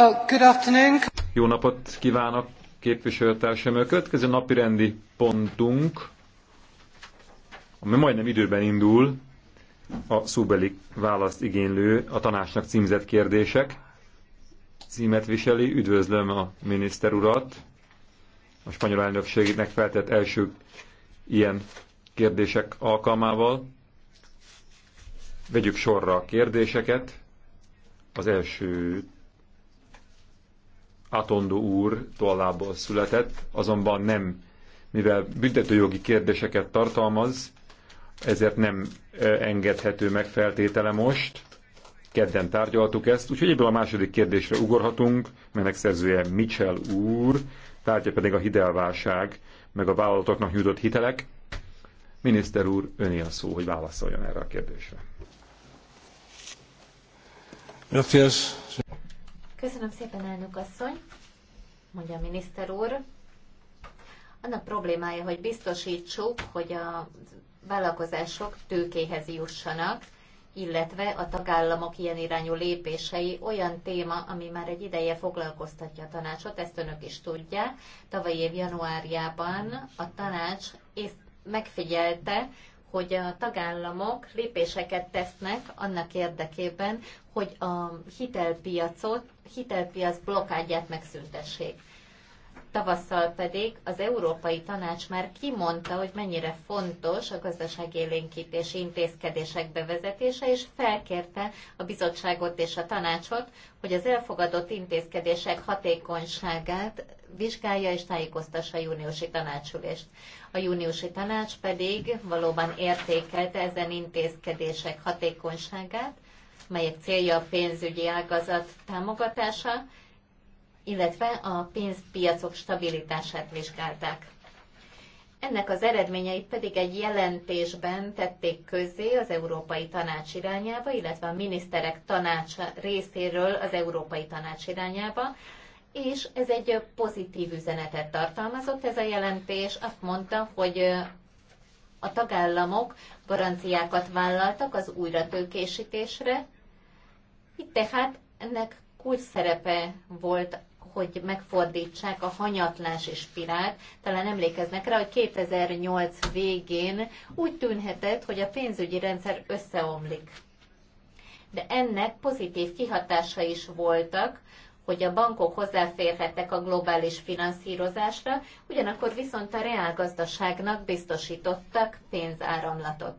Oh, Jó napot kívánok képviselőtársam. A következő napi rendi pontunk, ami majdnem időben indul, a szóbeli választ igénylő, a tanácsnak címzett kérdések. Címet viseli, üdvözlöm a miniszter urat. A spanyol elnökségnek feltett első ilyen kérdések alkalmával. Vegyük sorra a kérdéseket. Az elsőt Atondo úr tollából született, azonban nem, mivel büntetőjogi kérdéseket tartalmaz, ezért nem e, engedhető meg feltétele most. Kedden tárgyaltuk ezt, úgyhogy ebből a második kérdésre ugorhatunk, melynek szerzője Mitchell úr, tárgya pedig a hitelválság, meg a vállalatoknak nyújtott hitelek. Miniszter úr, öné a szó, hogy válaszoljon erre a kérdésre. Köszönöm szépen, elnök asszony, mondja a miniszter úr. Annak problémája, hogy biztosítsuk, hogy a vállalkozások tőkéhez jussanak, illetve a tagállamok ilyen irányú lépései olyan téma, ami már egy ideje foglalkoztatja a tanácsot, ezt önök is tudják. Tavaly év januárjában a tanács és megfigyelte, hogy a tagállamok lépéseket tesznek annak érdekében, hogy a hitelpiacot hitelpiac blokádját megszüntessék. Tavasszal pedig az Európai Tanács már kimondta, hogy mennyire fontos a gazdaságélénkítési intézkedések bevezetése, és felkérte a bizottságot és a tanácsot, hogy az elfogadott intézkedések hatékonyságát vizsgálja és tájékoztassa a júniusi tanácsülést. A júniusi tanács pedig valóban értékelte ezen intézkedések hatékonyságát, melyek célja a pénzügyi ágazat támogatása, illetve a pénzpiacok stabilitását vizsgálták. Ennek az eredményeit pedig egy jelentésben tették közzé az Európai Tanács irányába, illetve a miniszterek tanácsa részéről az Európai Tanács irányába, és ez egy pozitív üzenetet tartalmazott ez a jelentés. Azt mondta, hogy a tagállamok garanciákat vállaltak az újratőkésítésre, itt tehát ennek kulcs szerepe volt hogy megfordítsák a hanyatlás és spirált. Talán emlékeznek rá, hogy 2008 végén úgy tűnhetett, hogy a pénzügyi rendszer összeomlik. De ennek pozitív kihatása is voltak, hogy a bankok hozzáférhettek a globális finanszírozásra, ugyanakkor viszont a reálgazdaságnak biztosítottak pénzáramlatot.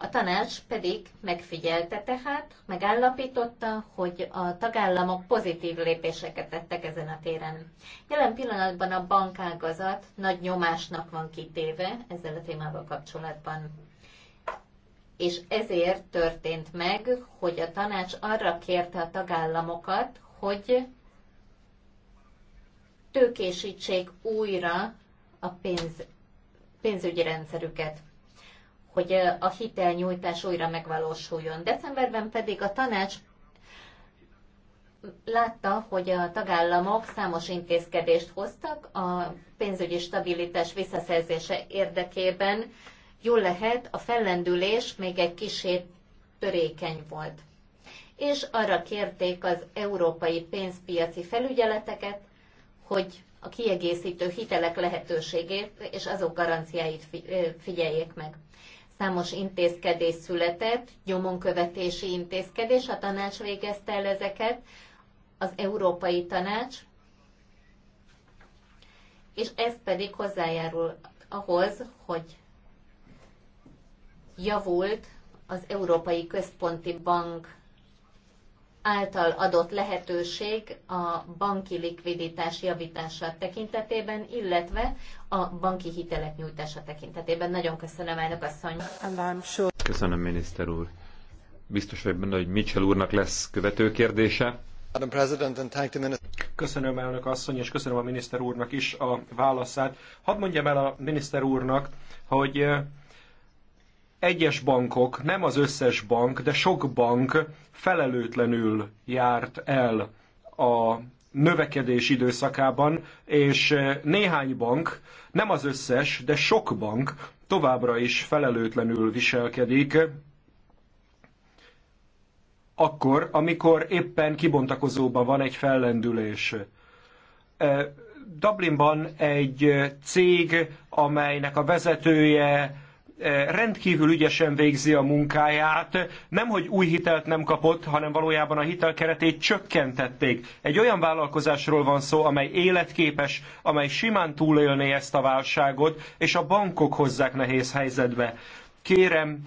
A tanács pedig megfigyelte tehát, megállapította, hogy a tagállamok pozitív lépéseket tettek ezen a téren. Jelen pillanatban a bankágazat nagy nyomásnak van kitéve ezzel a témával kapcsolatban. És ezért történt meg, hogy a tanács arra kérte a tagállamokat, hogy tőkésítsék újra a pénz, pénzügyi rendszerüket hogy a hitelnyújtás újra megvalósuljon. Decemberben pedig a tanács látta, hogy a tagállamok számos intézkedést hoztak a pénzügyi stabilitás visszaszerzése érdekében. Jól lehet, a fellendülés még egy kicsit törékeny volt. És arra kérték az európai pénzpiaci felügyeleteket, hogy a kiegészítő hitelek lehetőségét és azok garanciáit figyeljék meg számos intézkedés született, nyomonkövetési intézkedés, a tanács végezte el ezeket, az Európai Tanács, és ez pedig hozzájárul ahhoz, hogy javult az Európai Központi Bank által adott lehetőség a banki likviditás javítása tekintetében, illetve a banki hitelek nyújtása tekintetében. Nagyon köszönöm, elnök asszony. Köszönöm, miniszter úr. Biztos vagy benne, hogy Mitchell úrnak lesz követő kérdése. Köszönöm elnök asszony, és köszönöm a miniszter úrnak is a válaszát. Hadd mondjam el a miniszter úrnak, hogy egyes bankok, nem az összes bank, de sok bank felelőtlenül járt el a növekedés időszakában, és eh, néhány bank, nem az összes, de sok bank továbbra is felelőtlenül viselkedik, akkor, amikor éppen kibontakozóban van egy fellendülés. Eh, Dublinban egy eh, cég, amelynek a vezetője rendkívül ügyesen végzi a munkáját, nem hogy új hitelt nem kapott, hanem valójában a hitel keretét csökkentették. Egy olyan vállalkozásról van szó, amely életképes, amely simán túlélné ezt a válságot, és a bankok hozzák nehéz helyzetbe kérem,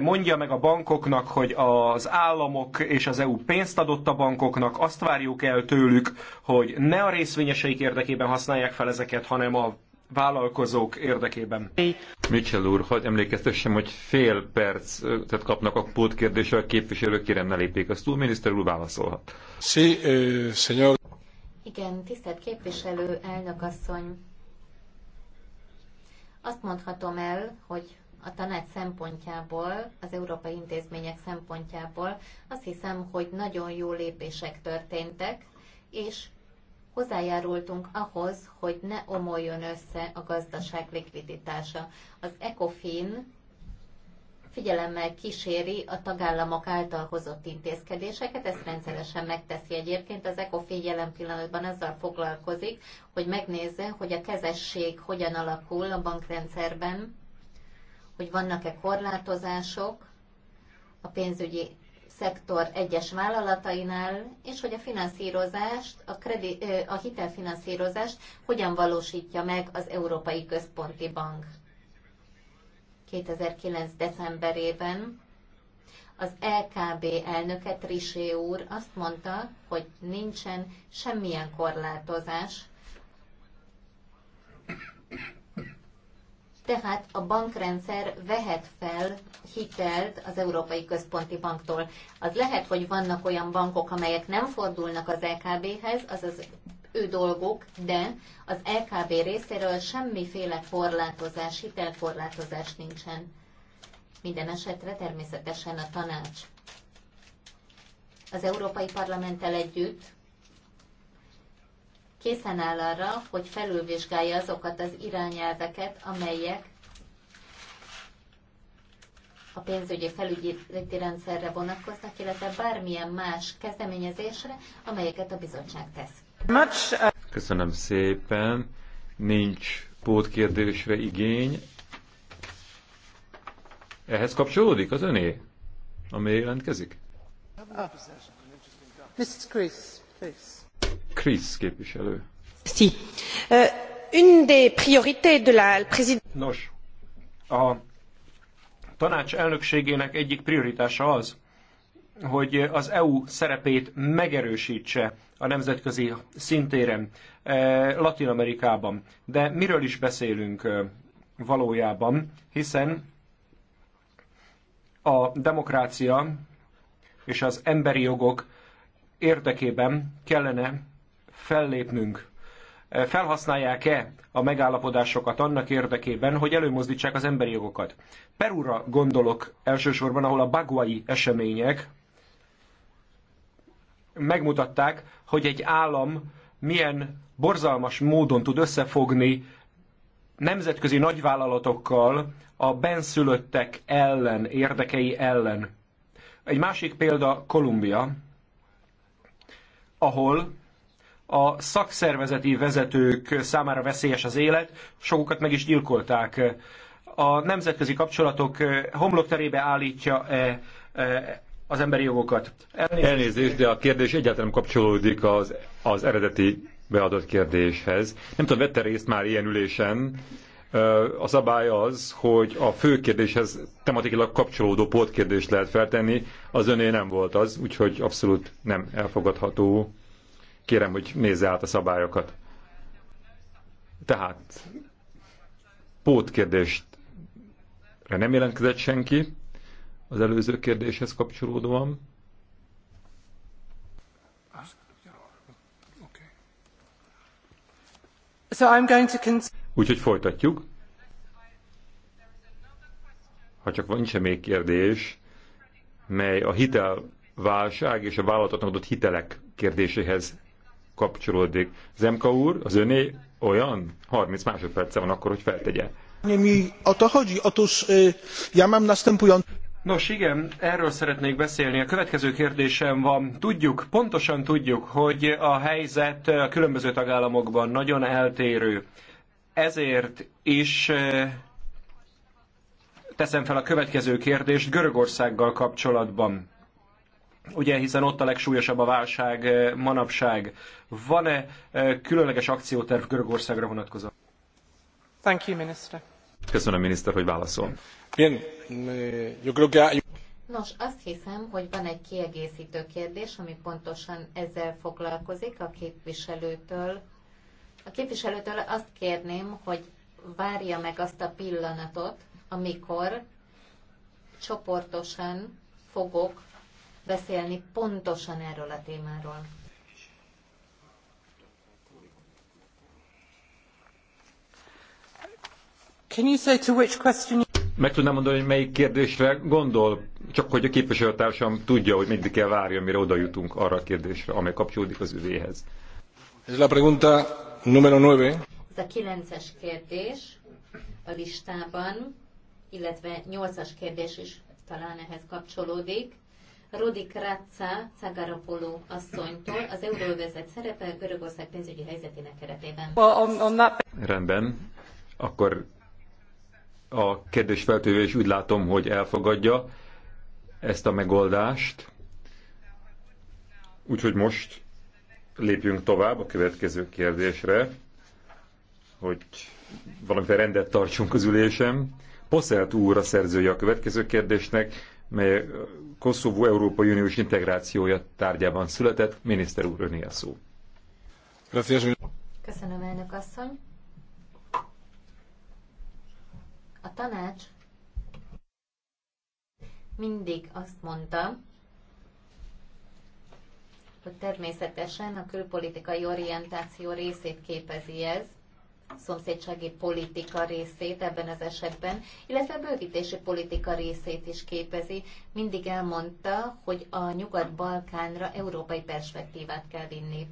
mondja meg a bankoknak, hogy az államok és az EU pénzt adott a bankoknak, azt várjuk el tőlük, hogy ne a részvényeseik érdekében használják fel ezeket, hanem a vállalkozók érdekében. Mitchell úr, hadd emlékeztessem, hogy fél perc, tehát kapnak a pótkérdésre a képviselők, kérem ne lépjék azt túl, miniszter úr válaszolhat. Sí, eh, señor. Igen, tisztelt képviselő, elnök asszony. Azt mondhatom el, hogy a tanács szempontjából, az európai intézmények szempontjából azt hiszem, hogy nagyon jó lépések történtek, és hozzájárultunk ahhoz, hogy ne omoljon össze a gazdaság likviditása. Az ECOFIN figyelemmel kíséri a tagállamok által hozott intézkedéseket, ezt rendszeresen megteszi egyébként. Az ECOFIN jelen pillanatban azzal foglalkozik, hogy megnézze, hogy a kezesség hogyan alakul a bankrendszerben, hogy vannak-e korlátozások a pénzügyi szektor egyes vállalatainál, és hogy a finanszírozást, a, kredi, a hitelfinanszírozást hogyan valósítja meg az Európai Központi Bank. 2009. decemberében az LKB elnöke Trisé úr azt mondta, hogy nincsen semmilyen korlátozás, tehát a bankrendszer vehet fel hitelt az Európai Központi Banktól. Az lehet, hogy vannak olyan bankok, amelyek nem fordulnak az LKB-hez, azaz ő dolgok, de az LKB részéről semmiféle korlátozás, hitelkorlátozás nincsen. Minden esetre természetesen a tanács. Az Európai Parlamenttel együtt készen áll arra, hogy felülvizsgálja azokat az irányelveket, amelyek a pénzügyi felügyeleti rendszerre vonatkoznak, illetve bármilyen más kezdeményezésre, amelyeket a bizottság tesz. Uh, Köszönöm szépen. Nincs pótkérdésre igény. Ehhez kapcsolódik az öné, amely jelentkezik? Ah. Mrs. Chris, please. Chris képviselő. Si. Uh, une des priorités de la Nos, a tanács elnökségének egyik prioritása az, hogy az EU szerepét megerősítse a nemzetközi szintéren, eh, Latin Amerikában. De miről is beszélünk eh, valójában, hiszen a demokrácia és az emberi jogok érdekében kellene fellépnünk felhasználják-e a megállapodásokat annak érdekében, hogy előmozdítsák az emberi jogokat. Perúra gondolok elsősorban, ahol a baguai események megmutatták, hogy egy állam milyen borzalmas módon tud összefogni nemzetközi nagyvállalatokkal a benszülöttek ellen, érdekei ellen. Egy másik példa Kolumbia, ahol a szakszervezeti vezetők számára veszélyes az élet, sokukat meg is gyilkolták. A nemzetközi kapcsolatok eh, homlokterébe állítja -e eh, az emberi jogokat. Elnézést, Elnézést de a kérdés egyáltalán kapcsolódik az, az eredeti beadott kérdéshez. Nem tudom, vette részt már ilyen ülésen. Eh, a szabály az, hogy a fő kérdéshez tematikailag kapcsolódó pótkérdést lehet feltenni. Az öné nem volt az, úgyhogy abszolút nem elfogadható kérem, hogy nézze át a szabályokat. Tehát pótkérdést nem jelentkezett senki az előző kérdéshez kapcsolódóan. So I'm going to Úgyhogy folytatjuk. Ha csak van sem még kérdés, mely a hitelválság és a vállalatoknak adott hitelek kérdéséhez kapcsolódik. Zemka úr, az öné olyan? 30 másodperce van akkor, hogy feltegye. Mi a tahagyi, atos, já ja mam następujący... Nos igen, erről szeretnék beszélni. A következő kérdésem van. Tudjuk, pontosan tudjuk, hogy a helyzet a különböző tagállamokban nagyon eltérő. Ezért is teszem fel a következő kérdést Görögországgal kapcsolatban ugye hiszen ott a legsúlyosabb a válság eh, manapság. Van-e eh, különleges akcióterv Görögországra vonatkozó? Thank you, minister. Köszönöm, miniszter, hogy válaszol. Bien, eh, yo creo que... Nos, azt hiszem, hogy van egy kiegészítő kérdés, ami pontosan ezzel foglalkozik a képviselőtől. A képviselőtől azt kérném, hogy várja meg azt a pillanatot, amikor csoportosan fogok beszélni pontosan erről a témáról. Can you say to which question meg tudnám mondani, hogy melyik kérdésre gondol, csak hogy a képviselőtársam tudja, hogy mindig kell várja, mire oda jutunk arra a kérdésre, amely kapcsolódik az üvéhez. Ez a pregunta numero 9. Ez a kilences kérdés a listában, illetve nyolcas kérdés is talán ehhez kapcsolódik. Rodik Ratza Szagaropoló asszonytól az euróvezet szerepe Görögország pénzügyi helyzetének keretében. Rendben, akkor a kérdés feltővé is úgy látom, hogy elfogadja ezt a megoldást. Úgyhogy most lépjünk tovább a következő kérdésre, hogy valamiféle rendet tartsunk az ülésem. Poszelt úr a szerzője a következő kérdésnek mely Koszovó Európai Uniós integrációja tárgyában született. Miniszter úr, öné a szó. Köszönöm, elnök asszony. A tanács mindig azt mondta, hogy természetesen a külpolitikai orientáció részét képezi ez, szomszédsági politika részét ebben az esetben, illetve a bővítési politika részét is képezi. Mindig elmondta, hogy a Nyugat-Balkánra európai perspektívát kell vinni.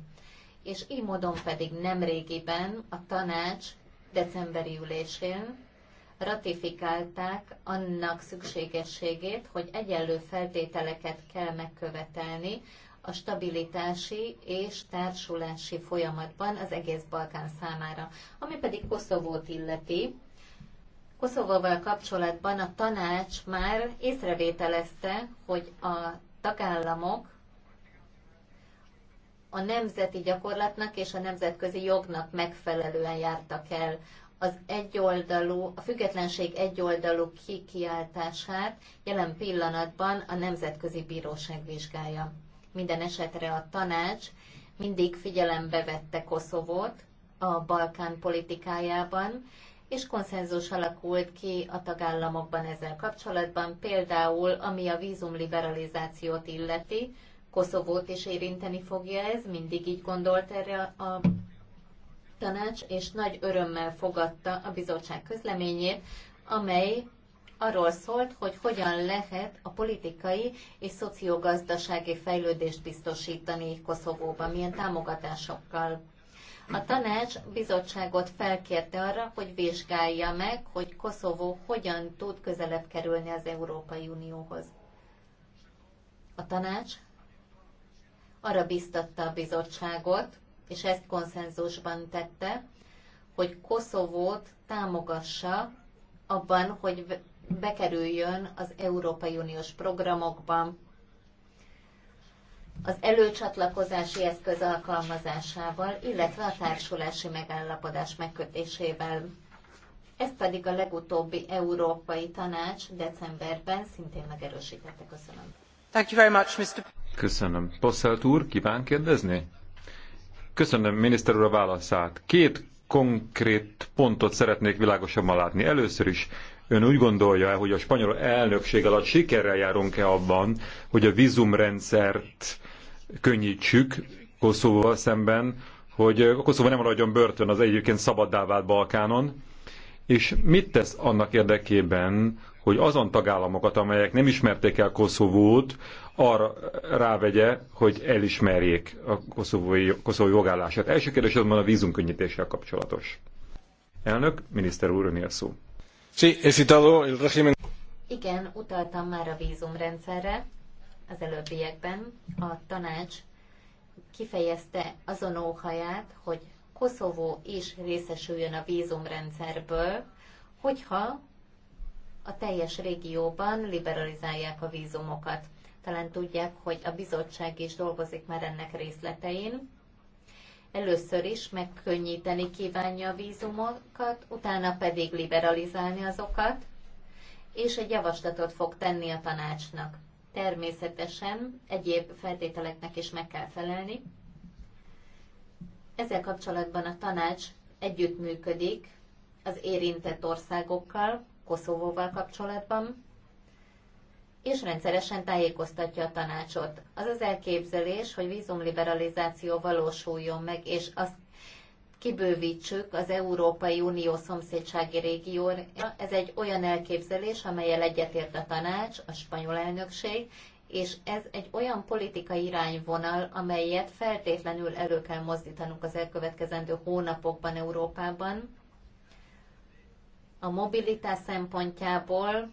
És így módon pedig nemrégiben a tanács decemberi ülésén ratifikálták annak szükségességét, hogy egyenlő feltételeket kell megkövetelni a stabilitási és társulási folyamatban az egész Balkán számára. Ami pedig Koszovót illeti, Koszovóval kapcsolatban a tanács már észrevételezte, hogy a tagállamok a nemzeti gyakorlatnak és a nemzetközi jognak megfelelően jártak el az egyoldalú, a függetlenség egyoldalú kikiáltását jelen pillanatban a Nemzetközi Bíróság vizsgálja. Minden esetre a tanács mindig figyelembe vette Koszovót a Balkán politikájában, és konszenzus alakult ki a tagállamokban ezzel kapcsolatban, például ami a vízumliberalizációt liberalizációt illeti, Koszovót is érinteni fogja ez, mindig így gondolt erre a tanács, és nagy örömmel fogadta a bizottság közleményét, amely arról szólt, hogy hogyan lehet a politikai és szociogazdasági fejlődést biztosítani Koszovóban, milyen támogatásokkal. A tanács bizottságot felkérte arra, hogy vizsgálja meg, hogy Koszovó hogyan tud közelebb kerülni az Európai Unióhoz. A tanács arra biztatta a bizottságot, és ezt konszenzusban tette, hogy Koszovót támogassa abban, hogy bekerüljön az Európai Uniós programokban, az előcsatlakozási eszköz alkalmazásával, illetve a társulási megállapodás megkötésével. Ez pedig a legutóbbi Európai Tanács decemberben szintén megerősítette. Köszönöm. Thank you very much, Mr. Köszönöm. Posselt úr, kíván kérdezni? Köszönöm, miniszter úr, a válaszát. Két konkrét pontot szeretnék világosabban látni. Először is Ön úgy gondolja hogy a spanyol elnökség alatt sikerrel járunk-e abban, hogy a vízumrendszert könnyítsük Koszovóval szemben, hogy a Koszovó nem maradjon börtön az egyébként szabaddá vált Balkánon, és mit tesz annak érdekében, hogy azon tagállamokat, amelyek nem ismerték el Koszovót, arra rávegye, hogy elismerjék a koszovói, koszovói jogállását. Első kérdés azonban a vízumkönnyítéssel kapcsolatos. Elnök, miniszter úr, önél szó. Sí, he citado el régimen. Igen, utaltam már a vízumrendszerre az előbbiekben. A tanács kifejezte azon óhaját, hogy Koszovó is részesüljön a vízumrendszerből, hogyha a teljes régióban liberalizálják a vízumokat. Talán tudják, hogy a bizottság is dolgozik már ennek részletein, Először is megkönnyíteni kívánja a vízumokat, utána pedig liberalizálni azokat, és egy javaslatot fog tenni a tanácsnak. Természetesen egyéb feltételeknek is meg kell felelni. Ezzel kapcsolatban a tanács együttműködik az érintett országokkal, Koszovóval kapcsolatban, és rendszeresen tájékoztatja a tanácsot. Az az elképzelés, hogy vízumliberalizáció valósuljon meg, és azt kibővítsük az Európai Unió szomszédsági régióra. Ez egy olyan elképzelés, amelyel egyetért a tanács, a spanyol elnökség, és ez egy olyan politikai irányvonal, amelyet feltétlenül elő kell mozdítanunk az elkövetkezendő hónapokban Európában. A mobilitás szempontjából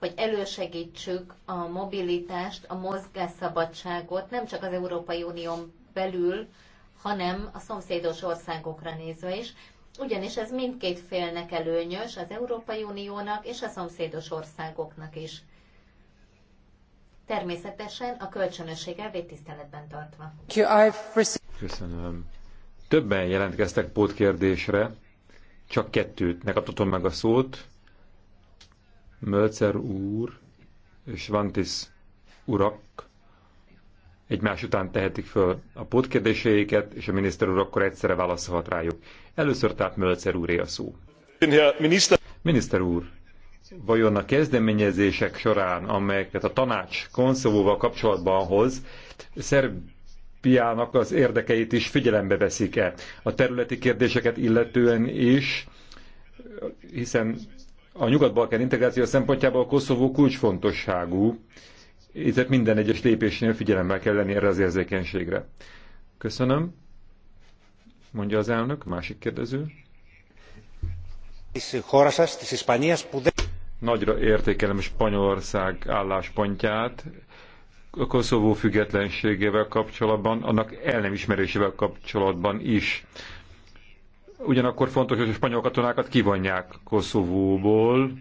hogy elősegítsük a mobilitást, a mozgásszabadságot nem csak az Európai Unión belül, hanem a szomszédos országokra nézve is, ugyanis ez mindkét félnek előnyös, az Európai Uniónak és a szomszédos országoknak is. Természetesen a kölcsönösség elvét tiszteletben tartva. Köszönöm. Többen jelentkeztek pótkérdésre, csak kettőt. Ne meg a szót. Mölcer úr és Vantis urak egymás után tehetik föl a pótkérdéseiket, és a miniszter úr akkor egyszerre válaszolhat rájuk. Először tehát Mölcer úré a szó. Miniszter úr, vajon a kezdeményezések során, amelyeket a tanács konszolóval kapcsolatban hoz, szerb piának az érdekeit is figyelembe veszik-e? A területi kérdéseket illetően is, hiszen a nyugat-balkán integráció szempontjából Koszovó kulcsfontosságú, ezért minden egyes lépésnél figyelemmel kell lenni erre az érzékenységre. Köszönöm, mondja az elnök, másik kérdező. Nagyra értékelem Spanyolország álláspontját a Koszovó függetlenségével kapcsolatban, annak el nem ismerésével kapcsolatban is. Ugyanakkor fontos, hogy a spanyol katonákat kivonják Koszovóból.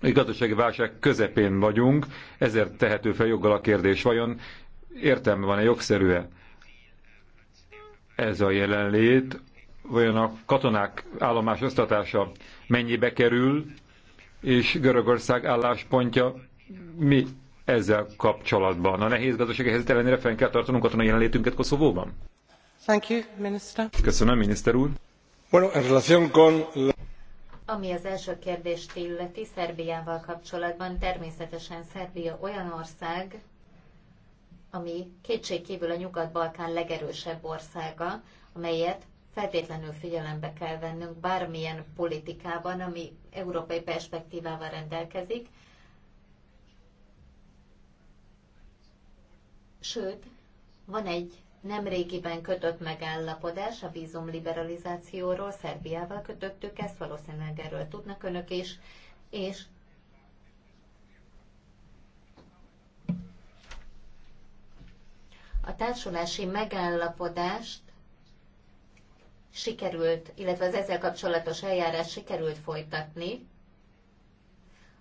Egy gazdasági válság közepén vagyunk, ezért tehető fel joggal a kérdés, vajon értelme van-e jogszerűe ez a jelenlét, vajon a katonák állomásosztatása mennyibe kerül, és Görögország álláspontja mi ezzel kapcsolatban? A nehéz gazdasági helyzet ellenére fenn kell tartanunk katonai jelenlétünket Koszovóban? Thank you, minister. Köszönöm, miniszter úr. Ami az első kérdést illeti, Szerbiával kapcsolatban természetesen Szerbia olyan ország, ami kétségkívül a Nyugat-Balkán legerősebb országa, amelyet feltétlenül figyelembe kell vennünk bármilyen politikában, ami európai perspektívával rendelkezik. Sőt, van egy nemrégiben kötött megállapodás a vízum liberalizációról, Szerbiával kötöttük ezt, valószínűleg erről tudnak önök is, és a társulási megállapodást sikerült, illetve az ezzel kapcsolatos eljárás sikerült folytatni,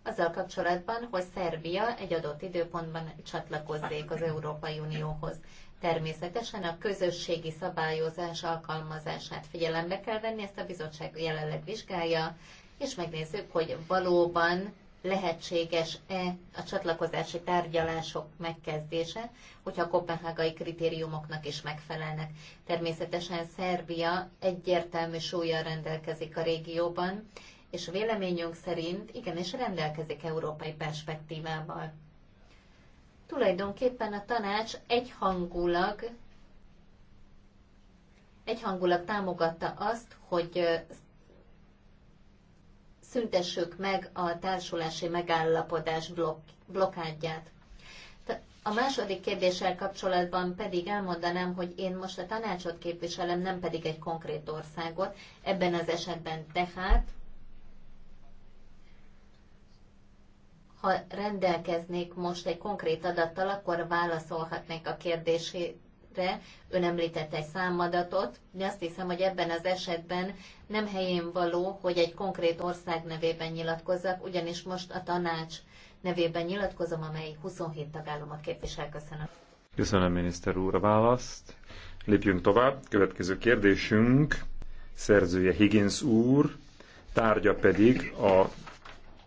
azzal kapcsolatban, hogy Szerbia egy adott időpontban csatlakozzék az Európai Unióhoz. Természetesen a közösségi szabályozás alkalmazását figyelembe kell venni, ezt a bizottság jelenleg vizsgálja, és megnézzük, hogy valóban lehetséges-e a csatlakozási tárgyalások megkezdése, hogyha a kopenhágai kritériumoknak is megfelelnek. Természetesen Szerbia egyértelmű súlya rendelkezik a régióban, és véleményünk szerint igenis rendelkezik európai perspektívával. Tulajdonképpen a tanács egyhangulag egyhangulag támogatta azt, hogy szüntessük meg a társulási megállapodás blokk, blokkádját. A második kérdéssel kapcsolatban pedig elmondanám, hogy én most a tanácsot képviselem, nem pedig egy konkrét országot. Ebben az esetben tehát Ha rendelkeznék most egy konkrét adattal, akkor válaszolhatnék a kérdésére. Ön említett egy számadatot, de azt hiszem, hogy ebben az esetben nem helyén való, hogy egy konkrét ország nevében nyilatkozzak, ugyanis most a tanács nevében nyilatkozom, amely 27 tagállamot képvisel. Köszönöm. Köszönöm, miniszter úr, a választ. Lépjünk tovább. Következő kérdésünk, szerzője Higgins úr, tárgya pedig a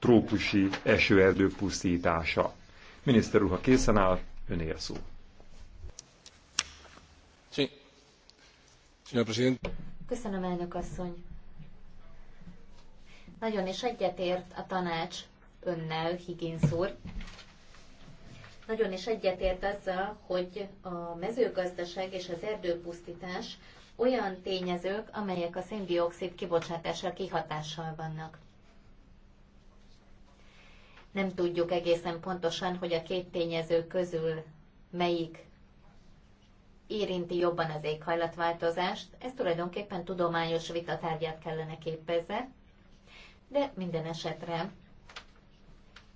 trópusi esőerdő pusztítása. Miniszter úr, ha készen áll, öné a szó. Köszönöm, elnök asszony. Nagyon is egyetért a tanács önnel, Higgins úr. Nagyon is egyetért azzal, hogy a mezőgazdaság és az erdőpusztítás olyan tényezők, amelyek a széndiokszid kibocsátásra kihatással vannak nem tudjuk egészen pontosan, hogy a két tényező közül melyik érinti jobban az éghajlatváltozást. Ez tulajdonképpen tudományos vitatárgyát kellene képezze, de minden esetre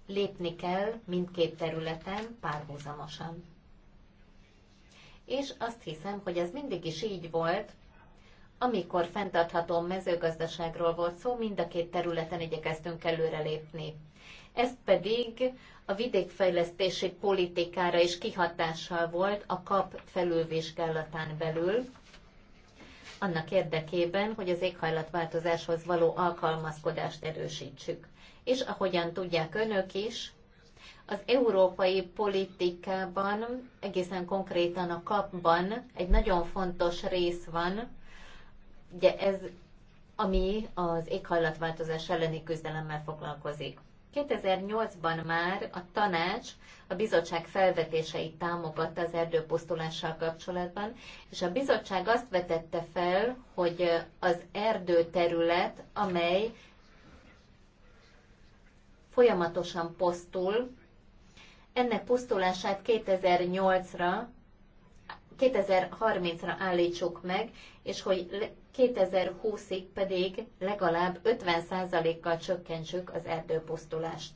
lépni kell mindkét területen párhuzamosan. És azt hiszem, hogy ez mindig is így volt, amikor fenntartható mezőgazdaságról volt szó, mind a két területen igyekeztünk előrelépni. Ez pedig a vidékfejlesztési politikára is kihatással volt a kap felülvizsgálatán belül, annak érdekében, hogy az éghajlatváltozáshoz való alkalmazkodást erősítsük. És ahogyan tudják önök is, az európai politikában, egészen konkrétan a kapban egy nagyon fontos rész van, ugye ez, ami az éghajlatváltozás elleni küzdelemmel foglalkozik. 2008-ban már a tanács a bizottság felvetéseit támogatta az erdőpusztulással kapcsolatban, és a bizottság azt vetette fel, hogy az erdőterület, amely folyamatosan posztul, ennek pusztulását 2008-ra 2030-ra állítsuk meg, és hogy 2020-ig pedig legalább 50%-kal csökkentsük az erdőpusztulást.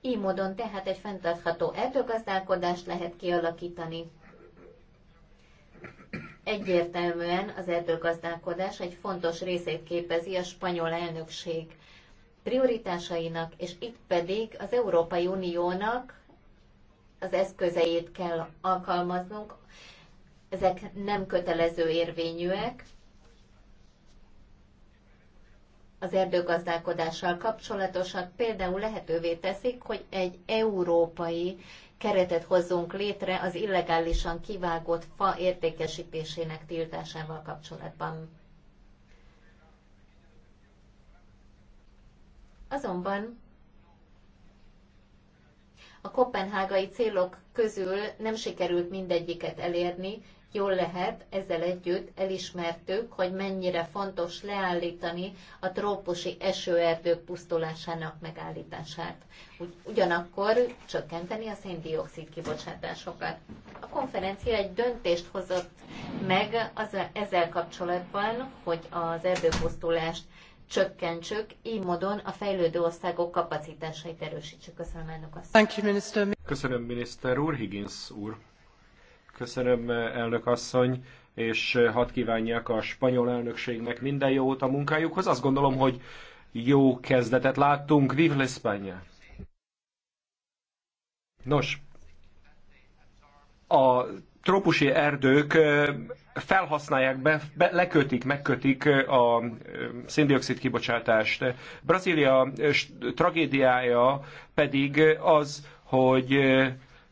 Így módon tehát egy fenntartható erdőgazdálkodást lehet kialakítani. Egyértelműen az erdőgazdálkodás egy fontos részét képezi a spanyol elnökség prioritásainak, és itt pedig az Európai Uniónak az eszközeit kell alkalmaznunk. Ezek nem kötelező érvényűek, az erdőgazdálkodással kapcsolatosak például lehetővé teszik, hogy egy európai keretet hozzunk létre az illegálisan kivágott fa értékesítésének tiltásával kapcsolatban. Azonban a kopenhágai célok közül nem sikerült mindegyiket elérni, Jól lehet, ezzel együtt elismertük, hogy mennyire fontos leállítani a trópusi esőerdők pusztulásának megállítását. Ugyanakkor csökkenteni a széndiokszid kibocsátásokat. A konferencia egy döntést hozott meg az, ezzel kapcsolatban, hogy az erdőpusztulást csökkentsük, így módon a fejlődő országok kapacitásait erősítsük. Köszönöm, elnök asszony. Köszönöm, miniszter úr, Higgins úr. Köszönöm, elnök asszony, és hadd kívánják a spanyol elnökségnek minden jót a munkájukhoz. Azt gondolom, hogy jó kezdetet láttunk. Vive l'Espagne! Nos, a trópusi erdők felhasználják, be, be, lekötik, megkötik a széndiokszid kibocsátást. Brazília tragédiája pedig az, hogy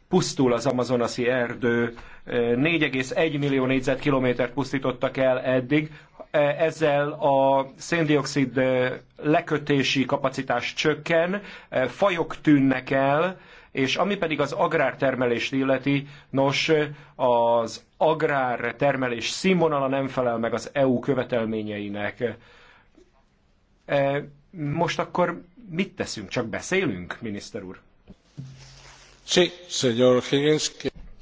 pusztul az amazonasi erdő, 4,1 millió négyzetkilométert pusztítottak el eddig, e, ezzel a széndiokszid e, lekötési kapacitás csökken, e, fajok tűnnek el, és ami pedig az agrártermelést illeti, nos, az agrártermelés színvonala nem felel meg az EU követelményeinek. Most akkor mit teszünk? Csak beszélünk, miniszter úr? Sí, señor Higgins.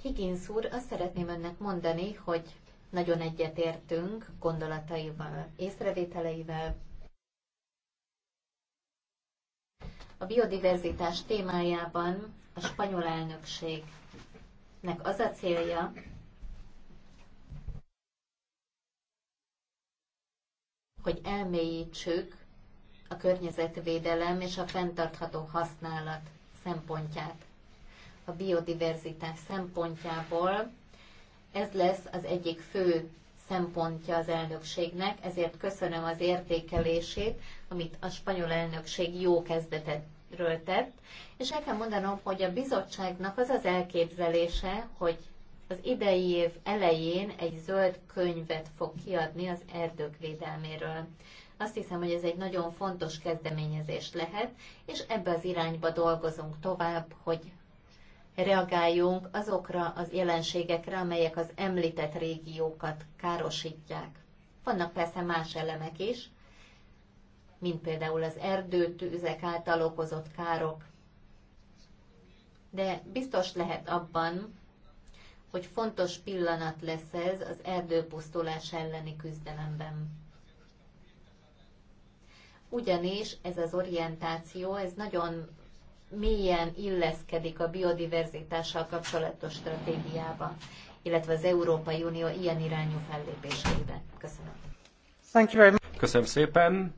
Higgins úr, azt szeretném önnek mondani, hogy nagyon egyetértünk gondolataival, észrevételeivel. A biodiverzitás témájában a spanyol elnökségnek az a célja, hogy elmélyítsük a környezetvédelem és a fenntartható használat szempontját a biodiverzitás szempontjából. Ez lesz az egyik fő szempontja az elnökségnek, ezért köszönöm az értékelését, amit a spanyol elnökség jó kezdetetről tett, és el kell mondanom, hogy a bizottságnak az az elképzelése, hogy az idei év elején egy zöld könyvet fog kiadni az erdők védelméről. Azt hiszem, hogy ez egy nagyon fontos kezdeményezés lehet, és ebbe az irányba dolgozunk tovább, hogy reagáljunk azokra az jelenségekre, amelyek az említett régiókat károsítják. Vannak persze más elemek is, mint például az erdőtűzek által okozott károk. De biztos lehet abban, hogy fontos pillanat lesz ez az erdőpusztulás elleni küzdelemben. Ugyanis ez az orientáció, ez nagyon mélyen illeszkedik a biodiverzitással kapcsolatos stratégiába, illetve az Európai Unió ilyen irányú fellépéseibe. Köszönöm. Thank you very much. Köszönöm szépen.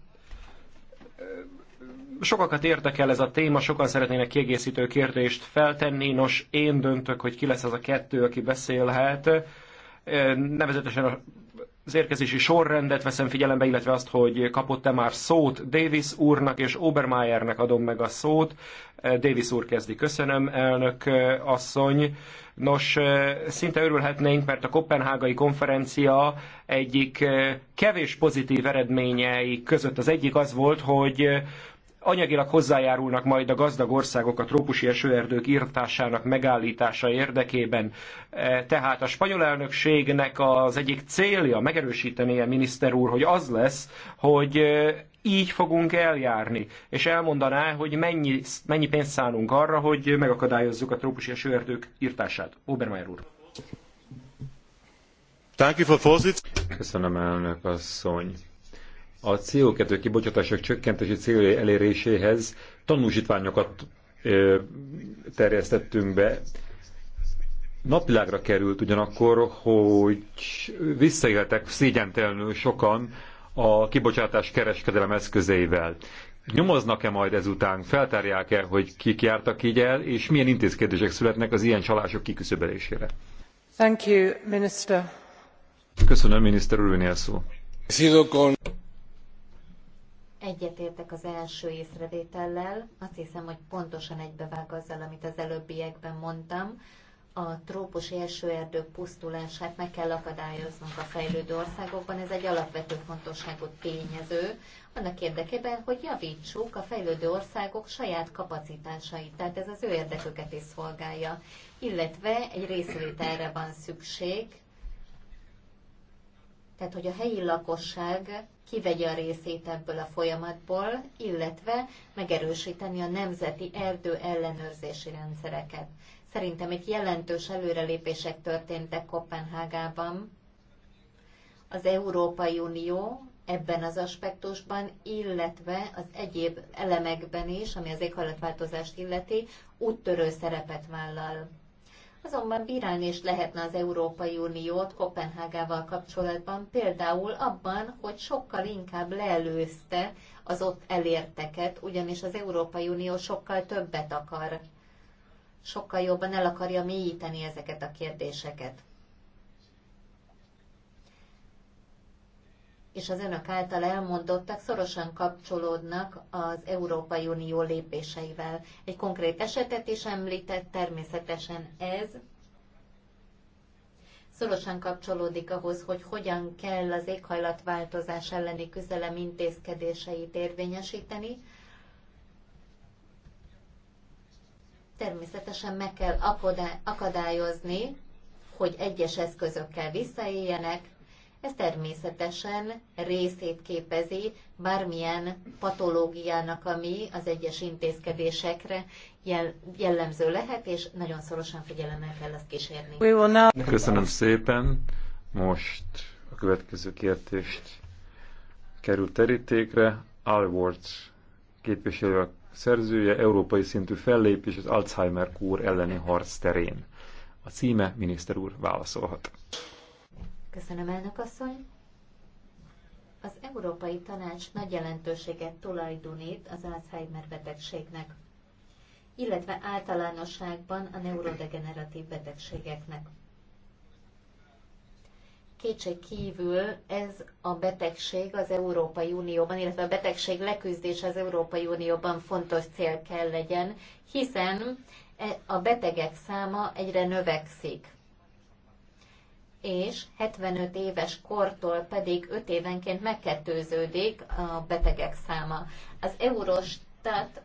Sokakat érdekel ez a téma, sokan szeretnének kiegészítő kérdést feltenni, nos én döntök, hogy ki lesz az a kettő, aki beszélhet nevezetesen a az érkezési sorrendet veszem figyelembe, illetve azt, hogy kapott-e már szót Davis úrnak és Obermeyernek adom meg a szót. Eh, Davis úr kezdi, köszönöm, elnök eh, asszony. Nos, eh, szinte örülhetnénk, mert a Kopenhágai konferencia egyik kevés pozitív eredményei között az egyik az volt, hogy anyagilag hozzájárulnak majd a gazdag országok a trópusi esőerdők írtásának megállítása érdekében. E, tehát a spanyol elnökségnek az egyik célja, megerősítenie miniszter úr, hogy az lesz, hogy e, így fogunk eljárni, és elmondaná, hogy mennyi, mennyi pénzt szánunk arra, hogy megakadályozzuk a trópusi esőerdők írtását. Obermeier úr. Köszönöm, elnök asszony a CO2 kibocsátások csökkentési céljai eléréséhez tanúsítványokat ö, terjesztettünk be. Napvilágra került ugyanakkor, hogy visszaéltek szégyentelenül sokan a kibocsátás kereskedelem eszközeivel. Nyomoznak-e majd ezután, feltárják-e, hogy kik jártak így el, és milyen intézkedések születnek az ilyen csalások kiküszöbölésére? Thank you, minister. Köszönöm, miniszter úr, szó. Egyetértek az első észrevétellel, azt hiszem, hogy pontosan egybevág azzal, amit az előbbiekben mondtam. A trópusi elsőerdők pusztulását meg kell akadályoznunk a fejlődő országokban, ez egy alapvető fontosságú tényező, annak érdekében, hogy javítsuk a fejlődő országok saját kapacitásait, tehát ez az ő érdeküket is szolgálja, illetve egy részvételre van szükség tehát hogy a helyi lakosság kivegye a részét ebből a folyamatból, illetve megerősíteni a nemzeti erdő ellenőrzési rendszereket. Szerintem itt jelentős előrelépések történtek Kopenhágában. Az Európai Unió ebben az aspektusban, illetve az egyéb elemekben is, ami az éghajlatváltozást illeti, úttörő szerepet vállal. Azonban bírálni is lehetne az Európai Uniót Kopenhágával kapcsolatban, például abban, hogy sokkal inkább leelőzte az ott elérteket, ugyanis az Európai Unió sokkal többet akar, sokkal jobban el akarja mélyíteni ezeket a kérdéseket. és az önök által elmondottak szorosan kapcsolódnak az Európai Unió lépéseivel. Egy konkrét esetet is említett, természetesen ez szorosan kapcsolódik ahhoz, hogy hogyan kell az éghajlatváltozás elleni küzdelem intézkedéseit érvényesíteni. Természetesen meg kell akadályozni, hogy egyes eszközökkel visszaéljenek, ez természetesen részét képezi bármilyen patológiának, ami az egyes intézkedésekre jellemző lehet, és nagyon szorosan figyelemmel kell azt kísérni. Köszönöm szépen. Most a következő kérdést került terítékre. Alwards képviselő a szerzője, európai szintű fellépés az Alzheimer kór elleni harc terén. A címe miniszter úr válaszolhat. Köszönöm, elnök asszony. Az Európai Tanács nagy jelentőséget tulajdonít az Alzheimer betegségnek, illetve általánosságban a neurodegeneratív betegségeknek. Kétség kívül ez a betegség az Európai Unióban, illetve a betegség leküzdése az Európai Unióban fontos cél kell legyen, hiszen e- a betegek száma egyre növekszik és 75 éves kortól pedig 5 évenként megkettőződik a betegek száma. Az Eurostat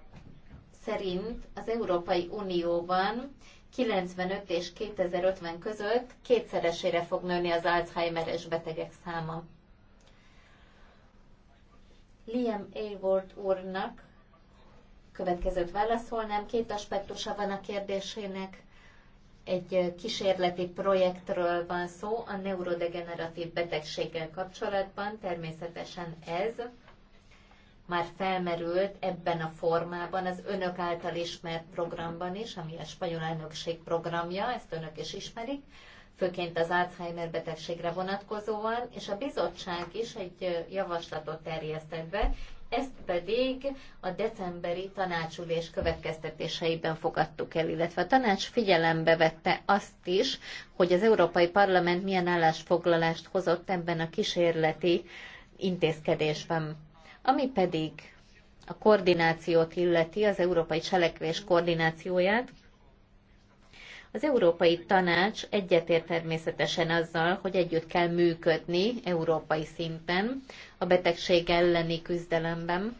szerint az Európai Unióban 95 és 2050 között kétszeresére fog nőni az Alzheimer-es betegek száma. Liam Award úrnak következőt válaszolnám, két aspektusa van a kérdésének egy kísérleti projektről van szó a neurodegeneratív betegséggel kapcsolatban. Természetesen ez már felmerült ebben a formában az önök által ismert programban is, ami a spanyol elnökség programja, ezt önök is ismerik, főként az Alzheimer betegségre vonatkozóan, és a bizottság is egy javaslatot terjesztett be, ezt pedig a decemberi tanácsülés következtetéseiben fogadtuk el, illetve a tanács figyelembe vette azt is, hogy az Európai Parlament milyen állásfoglalást hozott ebben a kísérleti intézkedésben. Ami pedig a koordinációt illeti, az Európai Cselekvés koordinációját, az Európai Tanács egyetért természetesen azzal, hogy együtt kell működni európai szinten a betegség elleni küzdelemben,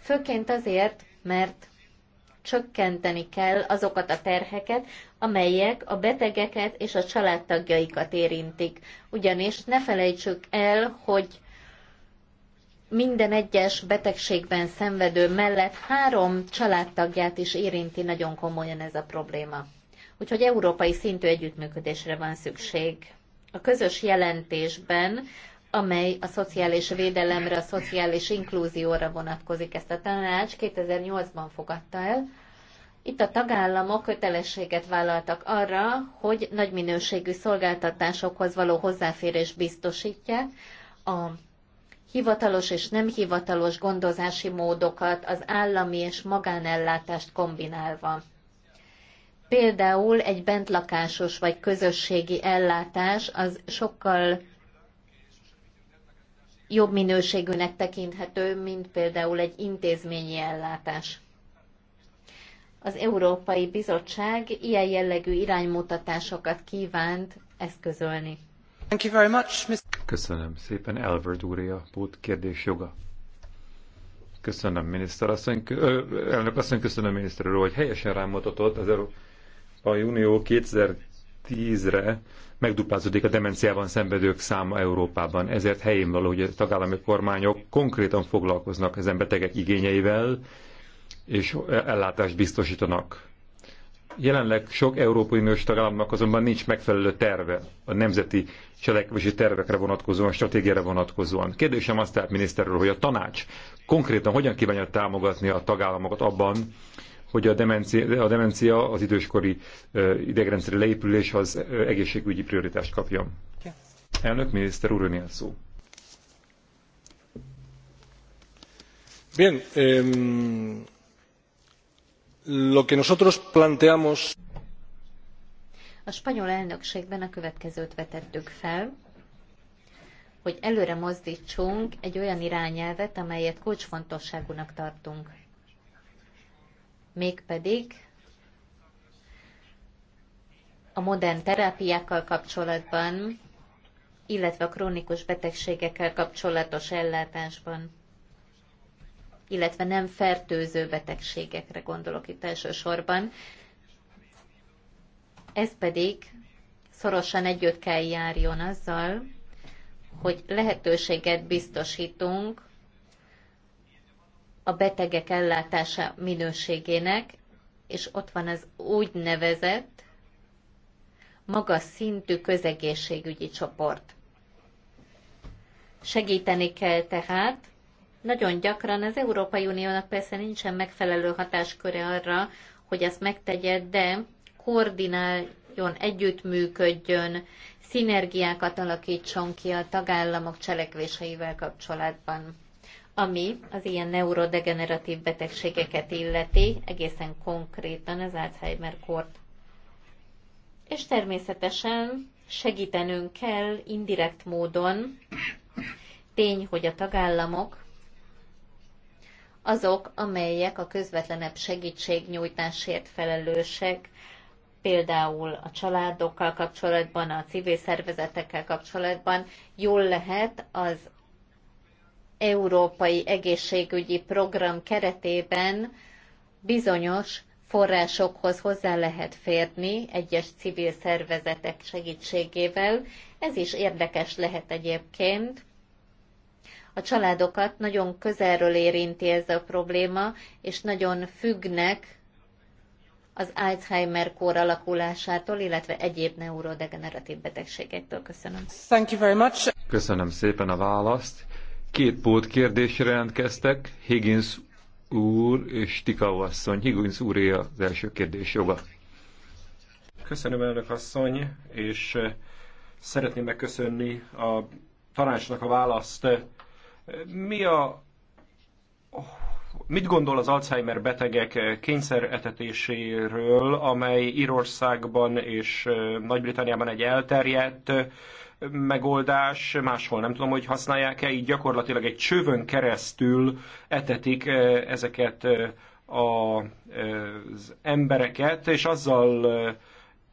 főként azért, mert csökkenteni kell azokat a terheket, amelyek a betegeket és a családtagjaikat érintik. Ugyanis ne felejtsük el, hogy minden egyes betegségben szenvedő mellett három családtagját is érinti nagyon komolyan ez a probléma. Úgyhogy európai szintű együttműködésre van szükség. A közös jelentésben amely a szociális védelemre, a szociális inklúzióra vonatkozik. Ezt a tanács 2008-ban fogadta el. Itt a tagállamok kötelességet vállaltak arra, hogy nagy minőségű szolgáltatásokhoz való hozzáférés biztosítják, a hivatalos és nem hivatalos gondozási módokat, az állami és magánellátást kombinálva. Például egy bentlakásos vagy közösségi ellátás az sokkal jobb minőségűnek tekinthető, mint például egy intézményi ellátás. Az Európai Bizottság ilyen jellegű iránymutatásokat kívánt eszközölni. Thank you very much, Ms. Köszönöm szépen, Elverd úr, a pót kérdés joga. Köszönöm, miniszter asszony, elnök asszony, köszönöm, miniszter úr, hogy helyesen rámutatott az Európai Európai Unió 2010-re megduplázódik a demenciában szenvedők száma Európában. Ezért helyén való, hogy a tagállami kormányok konkrétan foglalkoznak ezen betegek igényeivel, és ellátást biztosítanak. Jelenleg sok Európai Uniós tagállamnak azonban nincs megfelelő terve a nemzeti cselekvési tervekre vonatkozóan, stratégiára vonatkozóan. Kérdésem azt tehát miniszterről, hogy a tanács konkrétan hogyan kívánja támogatni a tagállamokat abban, hogy a demencia, a demencia az időskori idegrendszeri leépülés az egészségügyi prioritást kapjon. Ja. Elnök miniszter úr, önél szó. Bien, eh, lo que nosotros planteamos... A spanyol elnökségben a következőt vetettük fel, hogy előre mozdítsunk egy olyan irányelvet, amelyet kulcsfontosságúnak tartunk mégpedig a modern terápiákkal kapcsolatban, illetve a krónikus betegségekkel kapcsolatos ellátásban, illetve nem fertőző betegségekre gondolok itt elsősorban. Ez pedig szorosan együtt kell járjon azzal, hogy lehetőséget biztosítunk a betegek ellátása minőségének, és ott van az úgynevezett magas szintű közegészségügyi csoport. Segíteni kell tehát. Nagyon gyakran az Európai Uniónak persze nincsen megfelelő hatásköre arra, hogy ezt megtegye, de koordináljon, együttműködjön, szinergiákat alakítson ki a tagállamok cselekvéseivel kapcsolatban ami az ilyen neurodegeneratív betegségeket illeti, egészen konkrétan az Alzheimer-kort. És természetesen segítenünk kell indirekt módon. Tény, hogy a tagállamok azok, amelyek a közvetlenebb segítségnyújtásért felelősek, például a családokkal kapcsolatban, a civil szervezetekkel kapcsolatban, jól lehet az európai egészségügyi program keretében bizonyos forrásokhoz hozzá lehet férni egyes civil szervezetek segítségével. Ez is érdekes lehet egyébként. A családokat nagyon közelről érinti ez a probléma, és nagyon függnek az Alzheimer kór alakulásától, illetve egyéb neurodegeneratív betegségektől. Köszönöm. Thank you very much. Köszönöm szépen a választ. Két pót kérdésre rendkeztek, Higgins úr és Tikau asszony. Higgins úré az első kérdés joga. Köszönöm, elnök asszony, és eh, szeretném megköszönni a tanácsnak a választ. Eh, mi a Mit gondol az Alzheimer betegek kényszeretetéséről, amely Írországban és Nagy-Britanniában egy elterjedt megoldás, máshol nem tudom, hogy használják-e, így gyakorlatilag egy csövön keresztül etetik ezeket az embereket, és azzal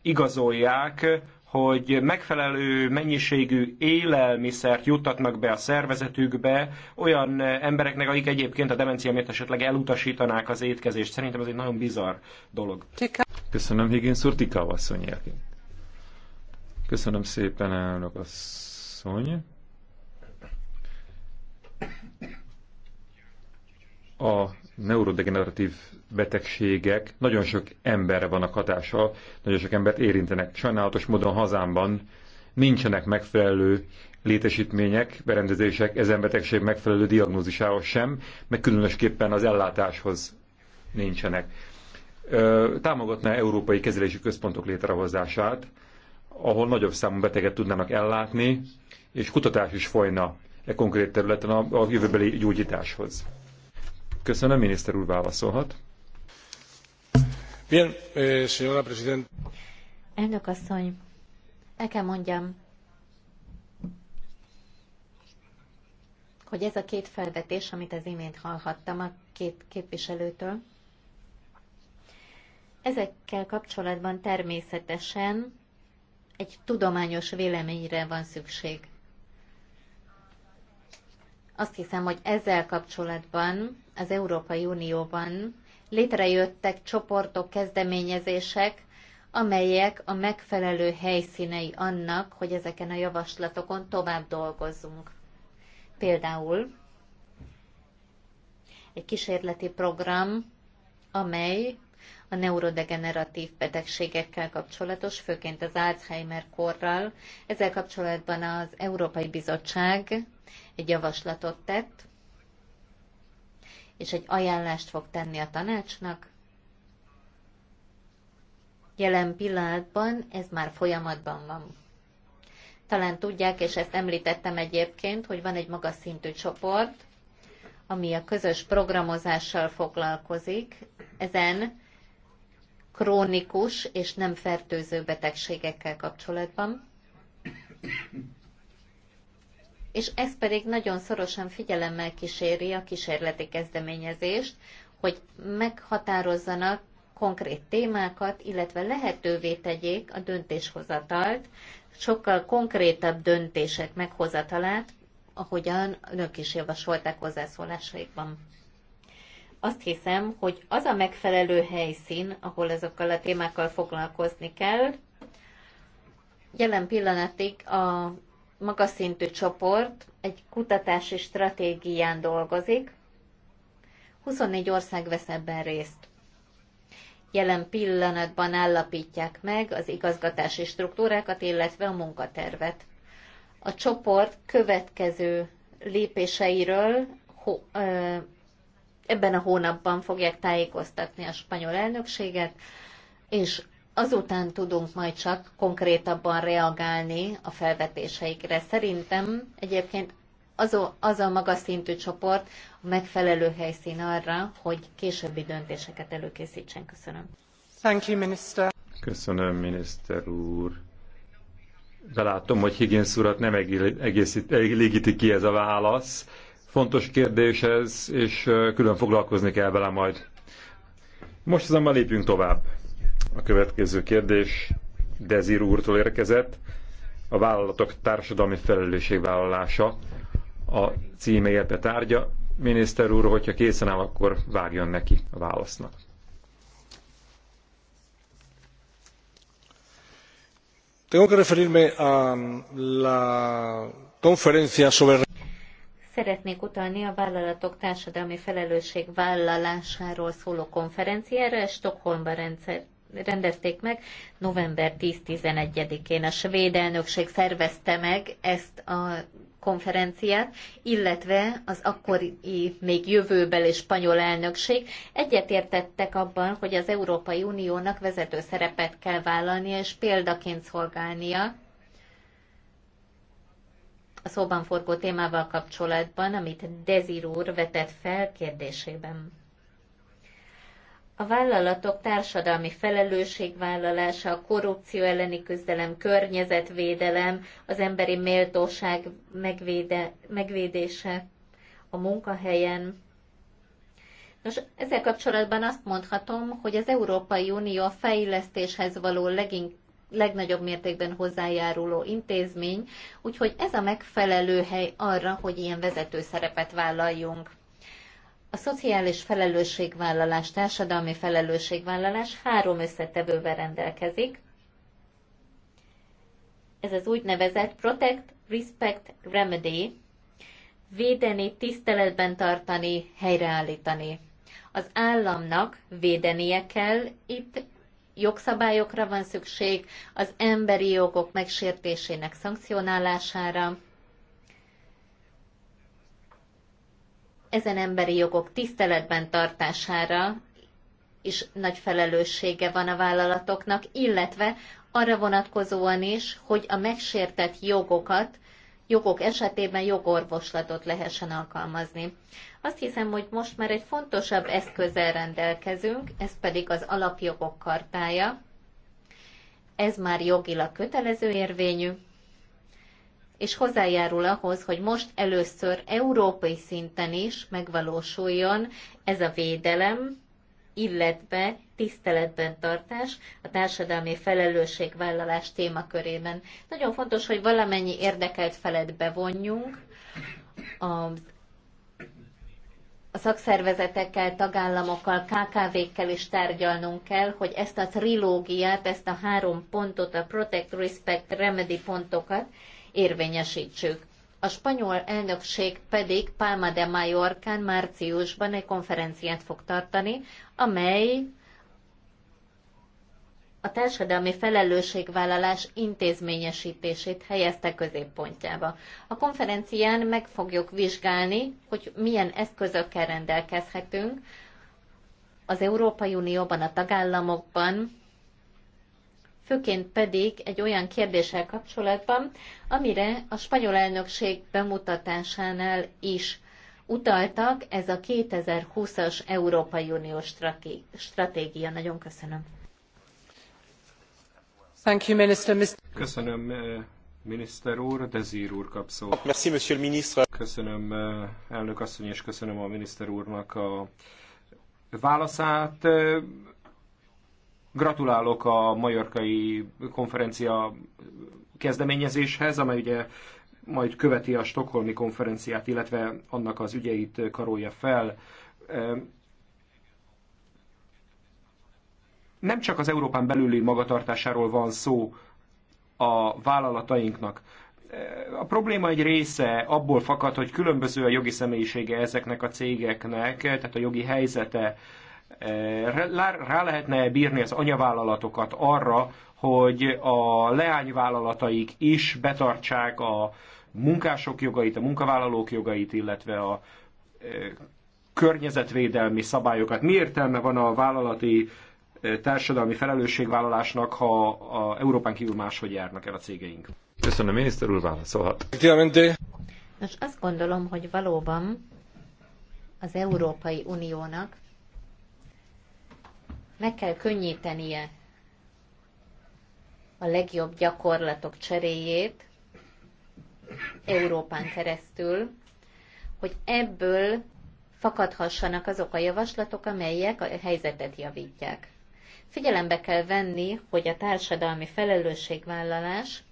igazolják, hogy megfelelő mennyiségű élelmiszert juttatnak be a szervezetükbe olyan embereknek, akik egyébként a demencia miatt esetleg elutasítanák az étkezést. Szerintem ez egy nagyon bizarr dolog. Köszönöm, Higgins úr, Tika asszony Köszönöm szépen, elnök asszony. A neurodegeneratív betegségek nagyon sok emberre vannak hatással, nagyon sok embert érintenek. Sajnálatos módon hazámban nincsenek megfelelő létesítmények, berendezések ezen betegség megfelelő diagnózisához sem, meg különösképpen az ellátáshoz nincsenek. Támogatná európai kezelési központok létrehozását, ahol nagyobb számú beteget tudnának ellátni, és kutatás is folyna e konkrét területen a, a jövőbeli gyógyításhoz. Köszönöm, miniszter úr válaszolhat. Bien, eh, señora president. Elnök asszony, el kell mondjam, hogy ez a két felvetés, amit az imént hallhattam a két képviselőtől, ezekkel kapcsolatban természetesen egy tudományos véleményre van szükség. Azt hiszem, hogy ezzel kapcsolatban az Európai Unióban létrejöttek csoportok, kezdeményezések, amelyek a megfelelő helyszínei annak, hogy ezeken a javaslatokon tovább dolgozzunk. Például egy kísérleti program, amely a neurodegeneratív betegségekkel kapcsolatos, főként az Alzheimer korral. Ezzel kapcsolatban az Európai Bizottság egy javaslatot tett, és egy ajánlást fog tenni a tanácsnak. Jelen pillanatban ez már folyamatban van. Talán tudják, és ezt említettem egyébként, hogy van egy magas szintű csoport, ami a közös programozással foglalkozik. Ezen krónikus és nem fertőző betegségekkel kapcsolatban és ez pedig nagyon szorosan figyelemmel kíséri a kísérleti kezdeményezést, hogy meghatározzanak konkrét témákat, illetve lehetővé tegyék a döntéshozatalt, sokkal konkrétabb döntések meghozatalát, ahogyan önök is javasolták hozzászólásaikban. Azt hiszem, hogy az a megfelelő helyszín, ahol ezekkel a témákkal foglalkozni kell, jelen pillanatig a magas szintű csoport egy kutatási stratégián dolgozik. 24 ország vesz ebben részt. Jelen pillanatban állapítják meg az igazgatási struktúrákat, illetve a munkatervet. A csoport következő lépéseiről ebben a hónapban fogják tájékoztatni a spanyol elnökséget, és azután tudunk majd csak konkrétabban reagálni a felvetéseikre. Szerintem egyébként az a, az a magas szintű csoport a megfelelő helyszín arra, hogy későbbi döntéseket előkészítsen. Köszönöm. Thank you, minister. Köszönöm, miniszter úr. Belátom, hogy Higgins urat nem elégíti ki ez a válasz. Fontos kérdés ez, és külön foglalkozni kell vele majd. Most azonban lépjünk tovább. A következő kérdés Dezir úrtól érkezett. A vállalatok társadalmi felelősségvállalása a címe a tárgya. Miniszter úr, hogyha készen áll, akkor vágjon neki a válasznak. Tengo que referirme a la conferencia sobre szeretnék utalni a vállalatok társadalmi felelősség vállalásáról szóló konferenciára, Stockholmban rendszer, rendezték meg. November 10-11-én a svéd elnökség szervezte meg ezt a konferenciát, illetve az akkori még jövőbeli spanyol elnökség egyetértettek abban, hogy az Európai Uniónak vezető szerepet kell vállalnia és példaként szolgálnia a szóban forgó témával kapcsolatban, amit Dezir úr vetett fel kérdésében a vállalatok társadalmi felelősségvállalása, a korrupció elleni küzdelem, környezetvédelem, az emberi méltóság megvéde, megvédése a munkahelyen. Nos, ezzel kapcsolatban azt mondhatom, hogy az Európai Unió a fejlesztéshez való legink, legnagyobb mértékben hozzájáruló intézmény, úgyhogy ez a megfelelő hely arra, hogy ilyen vezető szerepet vállaljunk. A szociális felelősségvállalás, társadalmi felelősségvállalás három összetevővel rendelkezik. Ez az úgynevezett Protect, Respect, Remedy, védeni, tiszteletben tartani, helyreállítani. Az államnak védenie kell, itt jogszabályokra van szükség, az emberi jogok megsértésének szankcionálására, ezen emberi jogok tiszteletben tartására is nagy felelőssége van a vállalatoknak, illetve arra vonatkozóan is, hogy a megsértett jogokat, jogok esetében jogorvoslatot lehessen alkalmazni. Azt hiszem, hogy most már egy fontosabb eszközzel rendelkezünk, ez pedig az alapjogok kartája. Ez már jogilag kötelező érvényű, és hozzájárul ahhoz, hogy most először európai szinten is megvalósuljon ez a védelem, illetve tiszteletben tartás a társadalmi felelősségvállalás témakörében. Nagyon fontos, hogy valamennyi érdekelt felet bevonjunk, a a szakszervezetekkel, tagállamokkal, KKV-kkel is tárgyalnunk kell, hogy ezt a trilógiát, ezt a három pontot, a Protect, Respect, Remedy pontokat érvényesítsük. A spanyol elnökség pedig Palma de Mallorcán márciusban egy konferenciát fog tartani, amely a társadalmi felelősségvállalás intézményesítését helyezte középpontjába. A konferencián meg fogjuk vizsgálni, hogy milyen eszközökkel rendelkezhetünk az Európai Unióban, a tagállamokban, főként pedig egy olyan kérdéssel kapcsolatban, amire a spanyol elnökség bemutatásánál is utaltak, ez a 2020-as Európai uniós stratégia. Nagyon köszönöm. Thank you, Minister. Köszönöm, eh, miniszter úr, Dezír úr kap szó. Merci, monsieur ministre. Köszönöm, eh, elnök asszony, és köszönöm a miniszter úrnak a válaszát. Eh, Gratulálok a majorkai konferencia kezdeményezéshez, amely ugye majd követi a stokholmi konferenciát, illetve annak az ügyeit karolja fel. Nem csak az Európán belüli magatartásáról van szó a vállalatainknak. A probléma egy része abból fakad, hogy különböző a jogi személyisége ezeknek a cégeknek, tehát a jogi helyzete rá lehetne bírni az anyavállalatokat arra, hogy a leányvállalataik is betartsák a munkások jogait, a munkavállalók jogait, illetve a e, környezetvédelmi szabályokat. Mi értelme van a vállalati e, társadalmi felelősségvállalásnak, ha a Európán kívül máshogy járnak el a cégeink? Köszönöm, miniszter úr válaszolhat. Nos, azt gondolom, hogy valóban az Európai Uniónak meg kell könnyítenie a legjobb gyakorlatok cseréjét Európán keresztül, hogy ebből fakadhassanak azok a javaslatok, amelyek a helyzetet javítják. Figyelembe kell venni, hogy a társadalmi felelősségvállalás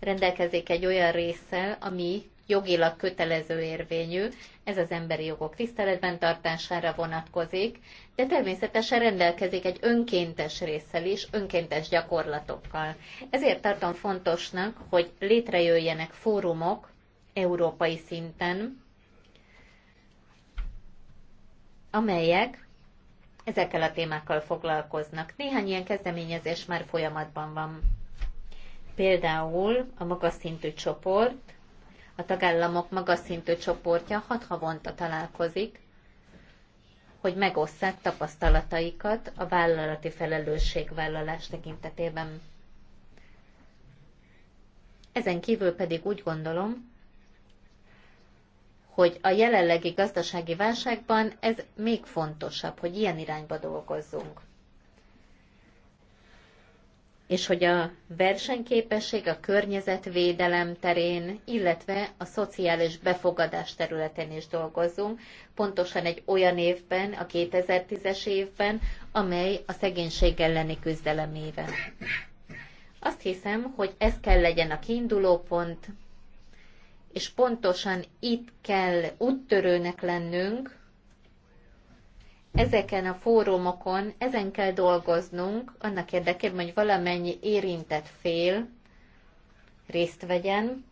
rendelkezik egy olyan résszel, ami jogilag kötelező érvényű, ez az emberi jogok tiszteletben tartására vonatkozik, de természetesen rendelkezik egy önkéntes részsel is, önkéntes gyakorlatokkal. Ezért tartom fontosnak, hogy létrejöjjenek fórumok európai szinten, amelyek ezekkel a témákkal foglalkoznak. Néhány ilyen kezdeményezés már folyamatban van. Például a magas szintű csoport, a tagállamok magas szintű csoportja hat havonta találkozik, hogy megosszák tapasztalataikat a vállalati felelősségvállalás tekintetében. Ezen kívül pedig úgy gondolom, hogy a jelenlegi gazdasági válságban ez még fontosabb, hogy ilyen irányba dolgozzunk és hogy a versenyképesség a környezetvédelem terén, illetve a szociális befogadás területén is dolgozzunk, pontosan egy olyan évben, a 2010-es évben, amely a szegénység elleni küzdelem éve. Azt hiszem, hogy ez kell legyen a kiinduló pont, és pontosan itt kell úttörőnek lennünk, ezeken a fórumokon, ezen kell dolgoznunk, annak érdekében, hogy valamennyi érintett fél részt vegyen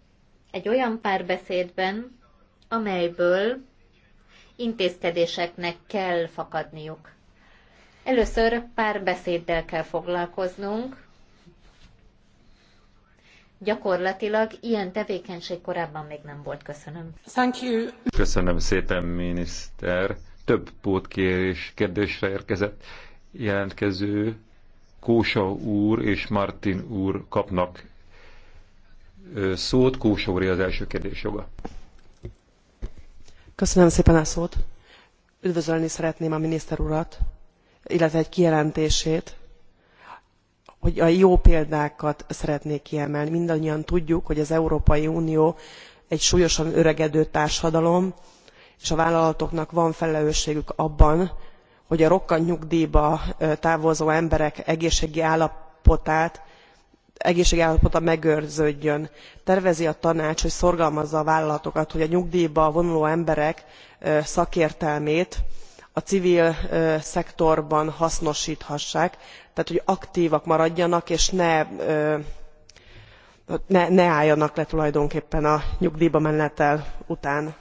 egy olyan párbeszédben, amelyből intézkedéseknek kell fakadniuk. Először párbeszéddel kell foglalkoznunk, Gyakorlatilag ilyen tevékenység korábban még nem volt. Köszönöm. Thank you. Köszönöm szépen, miniszter több pótkérés kérdésre érkezett jelentkező. Kósa úr és Martin úr kapnak szót. Kósa úr az első kérdés joga. Köszönöm szépen a szót. Üdvözölni szeretném a miniszter urat, illetve egy kijelentését, hogy a jó példákat szeretnék kiemelni. Mindannyian tudjuk, hogy az Európai Unió egy súlyosan öregedő társadalom, és a vállalatoknak van felelősségük abban hogy a rokkantnyugdjba távozó emberek egészségi állapota megőrződjön. tervezi a tanács hogy szorgalmazza a vállalatokat hogy a nyugdjba vonuló emberek szakértelmét a civil szektorban hasznosthassák tehát hogy aktvak maradjanak és ne ne álljanak le tulajdonképpen a nyugdjba menetel után.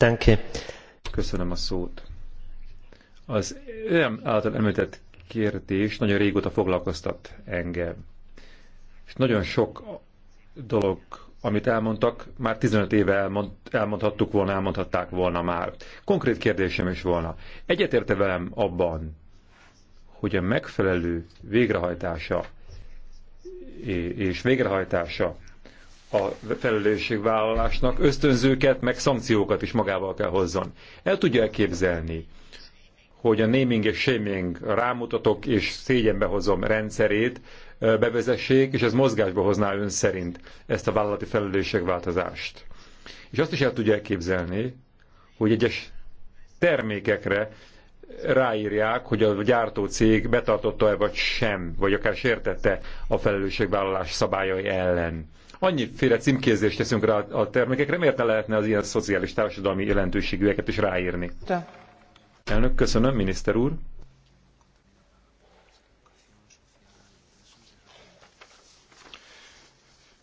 you. Köszönöm a szót. Az ön által említett kérdés nagyon régóta foglalkoztat engem. És nagyon sok dolog, amit elmondtak, már 15 éve elmond, elmondhattuk volna, elmondhatták volna már. Konkrét kérdésem is volna. Egyetérte velem abban, hogy a megfelelő végrehajtása és végrehajtása a felelősségvállalásnak ösztönzőket, meg szankciókat is magával kell hozzon. El tudja elképzelni, hogy a naming és shaming rámutatok és szégyenbe hozom rendszerét bevezessék, és ez mozgásba hozná ön szerint ezt a vállalati felelősségváltozást. És azt is el tudja elképzelni, hogy egyes termékekre ráírják, hogy a gyártó cég betartotta-e vagy sem, vagy akár sértette a felelősségvállalás szabályai ellen annyiféle címkézést teszünk rá a termékekre, miért ne lehetne az ilyen szociális társadalmi jelentőségűeket is ráírni? De. Elnök, köszönöm, miniszter úr.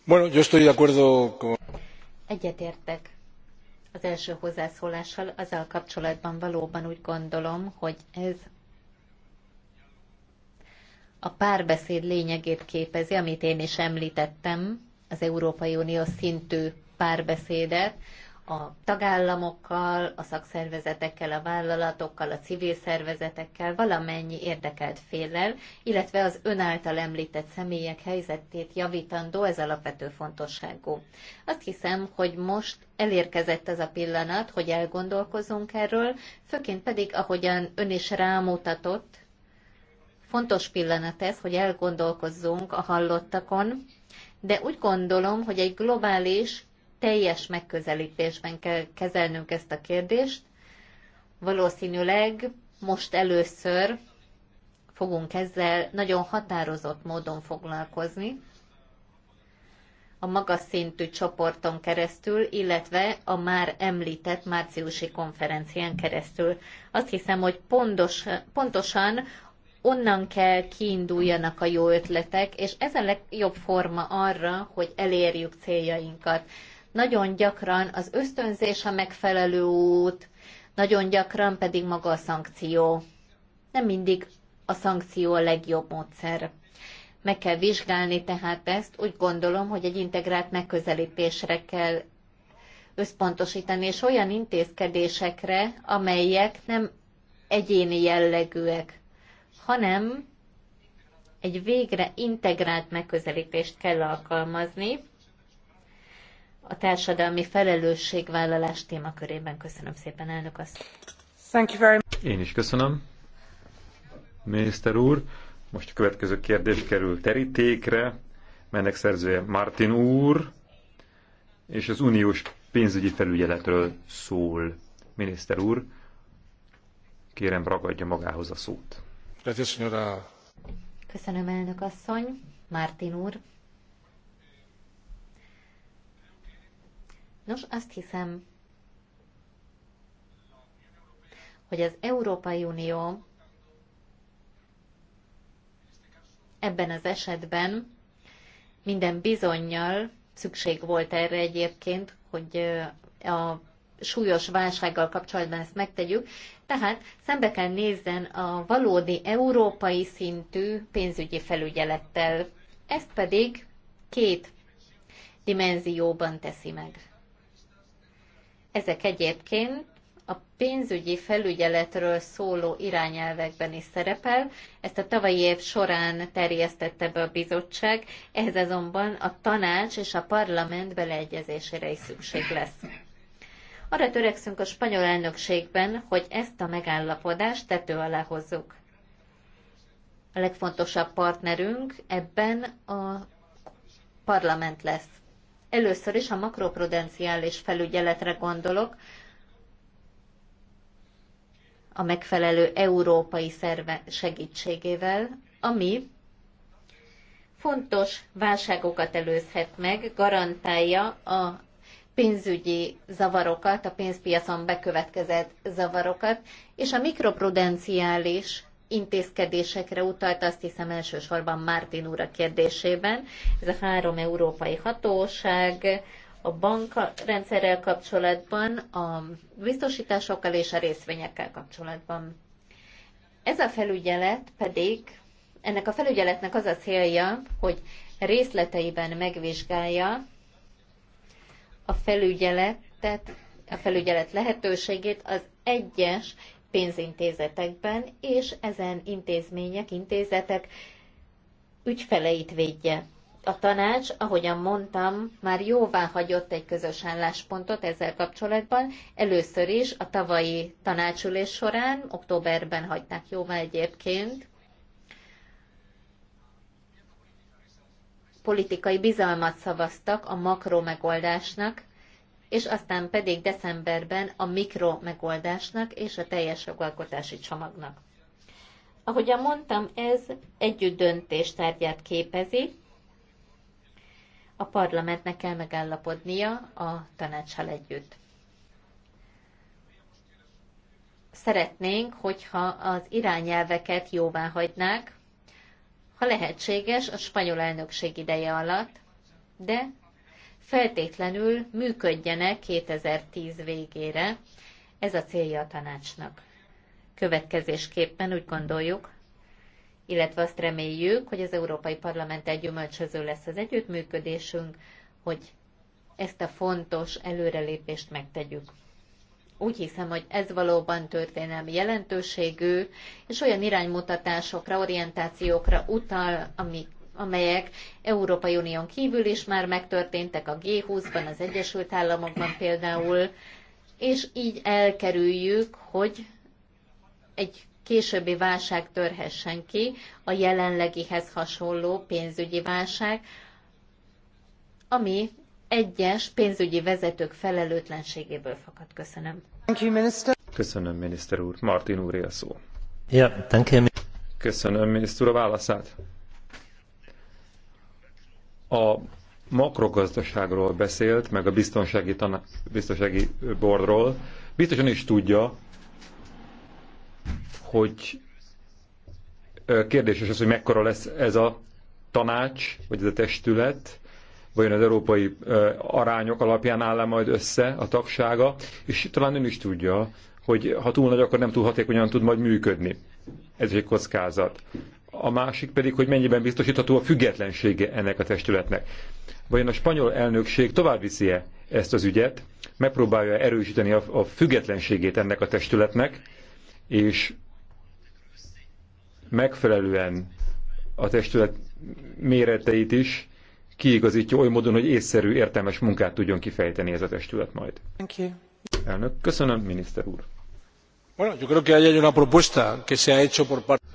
Bueno, yo estoy de acuerdo con... Egyetértek az első hozzászólással, azzal kapcsolatban valóban úgy gondolom, hogy ez a párbeszéd lényegét képezi, amit én is említettem, az Európai Unió szintű párbeszédet a tagállamokkal, a szakszervezetekkel, a vállalatokkal, a civil szervezetekkel, valamennyi érdekelt féllel, illetve az ön által említett személyek helyzetét javítandó, ez alapvető fontosságú. Azt hiszem, hogy most elérkezett az a pillanat, hogy elgondolkozunk erről, főként pedig, ahogyan ön is rámutatott, fontos pillanat ez, hogy elgondolkozzunk a hallottakon, de úgy gondolom, hogy egy globális, teljes megközelítésben kell kezelnünk ezt a kérdést. Valószínűleg most először fogunk ezzel nagyon határozott módon foglalkozni a magas szintű csoporton keresztül, illetve a már említett márciusi konferencián keresztül. Azt hiszem, hogy pontos, pontosan onnan kell kiinduljanak a jó ötletek, és ez a legjobb forma arra, hogy elérjük céljainkat. Nagyon gyakran az ösztönzés a megfelelő út, nagyon gyakran pedig maga a szankció. Nem mindig a szankció a legjobb módszer. Meg kell vizsgálni tehát ezt, úgy gondolom, hogy egy integrált megközelítésre kell összpontosítani, és olyan intézkedésekre, amelyek nem egyéni jellegűek hanem egy végre integrált megközelítést kell alkalmazni a társadalmi felelősségvállalás témakörében. Köszönöm szépen, elnök azt. Thank you very much. Én is köszönöm. Miniszter úr, most a következő kérdés kerül terítékre, melynek szerzője Martin úr, és az uniós pénzügyi felügyeletről szól. Miniszter úr, kérem ragadja magához a szót. Köszönöm, elnök asszony. Mártin úr. Nos, azt hiszem, hogy az Európai Unió ebben az esetben minden bizonyal szükség volt erre egyébként, hogy a súlyos válsággal kapcsolatban ezt megtegyük. Tehát szembe kell nézzen a valódi európai szintű pénzügyi felügyelettel. Ezt pedig két dimenzióban teszi meg. Ezek egyébként a pénzügyi felügyeletről szóló irányelvekben is szerepel. Ezt a tavalyi év során terjesztette be a bizottság, ehhez azonban a tanács és a parlament beleegyezésére is szükség lesz. Arra törekszünk a spanyol elnökségben, hogy ezt a megállapodást tető alá hozzuk. A legfontosabb partnerünk ebben a parlament lesz. Először is a makroprudenciális felügyeletre gondolok, a megfelelő európai szerve segítségével, ami fontos válságokat előzhet meg, garantálja a pénzügyi zavarokat, a pénzpiacon bekövetkezett zavarokat, és a mikroprudenciális intézkedésekre utalt, azt hiszem elsősorban Mártin úr a kérdésében. Ez a három európai hatóság, a bankrendszerrel kapcsolatban, a biztosításokkal és a részvényekkel kapcsolatban. Ez a felügyelet pedig, ennek a felügyeletnek az a célja, hogy részleteiben megvizsgálja a felügyeletet, a felügyelet lehetőségét az egyes pénzintézetekben és ezen intézmények, intézetek ügyfeleit védje. A tanács, ahogyan mondtam, már jóvá hagyott egy közös álláspontot ezzel kapcsolatban. Először is a tavalyi tanácsülés során, októberben hagyták jóvá egyébként, politikai bizalmat szavaztak a makro megoldásnak, és aztán pedig decemberben a mikro megoldásnak és a teljes jogalkotási csomagnak. Ahogyan mondtam, ez együtt döntés tárgyát képezi, a parlamentnek kell megállapodnia a tanácssal együtt. Szeretnénk, hogyha az irányelveket jóvá hagynák, ha lehetséges, a spanyol elnökség ideje alatt, de feltétlenül működjenek 2010 végére. Ez a célja a tanácsnak. Következésképpen úgy gondoljuk, illetve azt reméljük, hogy az Európai Parlament egy gyümölcsöző lesz az együttműködésünk, hogy ezt a fontos előrelépést megtegyük. Úgy hiszem, hogy ez valóban történelmi jelentőségű, és olyan iránymutatásokra, orientációkra utal, ami, amelyek Európai Unión kívül is már megtörténtek a G20-ban, az Egyesült Államokban például, és így elkerüljük, hogy egy későbbi válság törhessen ki, a jelenlegihez hasonló pénzügyi válság, ami egyes pénzügyi vezetők felelőtlenségéből fakad. Köszönöm. Köszönöm, miniszter úr. Martin úr él szó. Ja, thank you. Köszönöm, miniszter úr, a válaszát. A makrogazdaságról beszélt, meg a biztonsági, taná- biztonsági bordról. Biztosan is tudja, hogy kérdéses az, hogy mekkora lesz ez a tanács, vagy ez a testület, vajon az európai arányok alapján áll -e majd össze a tagsága, és talán ön is tudja, hogy ha túl nagy, akkor nem túl hatékonyan tud majd működni. Ez egy kockázat. A másik pedig, hogy mennyiben biztosítható a függetlensége ennek a testületnek. Vajon a spanyol elnökség tovább viszi-e ezt az ügyet, megpróbálja erősíteni a, a függetlenségét ennek a testületnek, és megfelelően a testület méreteit is kiigazítja oly módon, hogy észszerű, értelmes munkát tudjon kifejteni ez a testület majd. Thank you. Elnök, köszönöm, miniszter úr. Bueno, yo creo que hay una propuesta que se ha hecho por parte...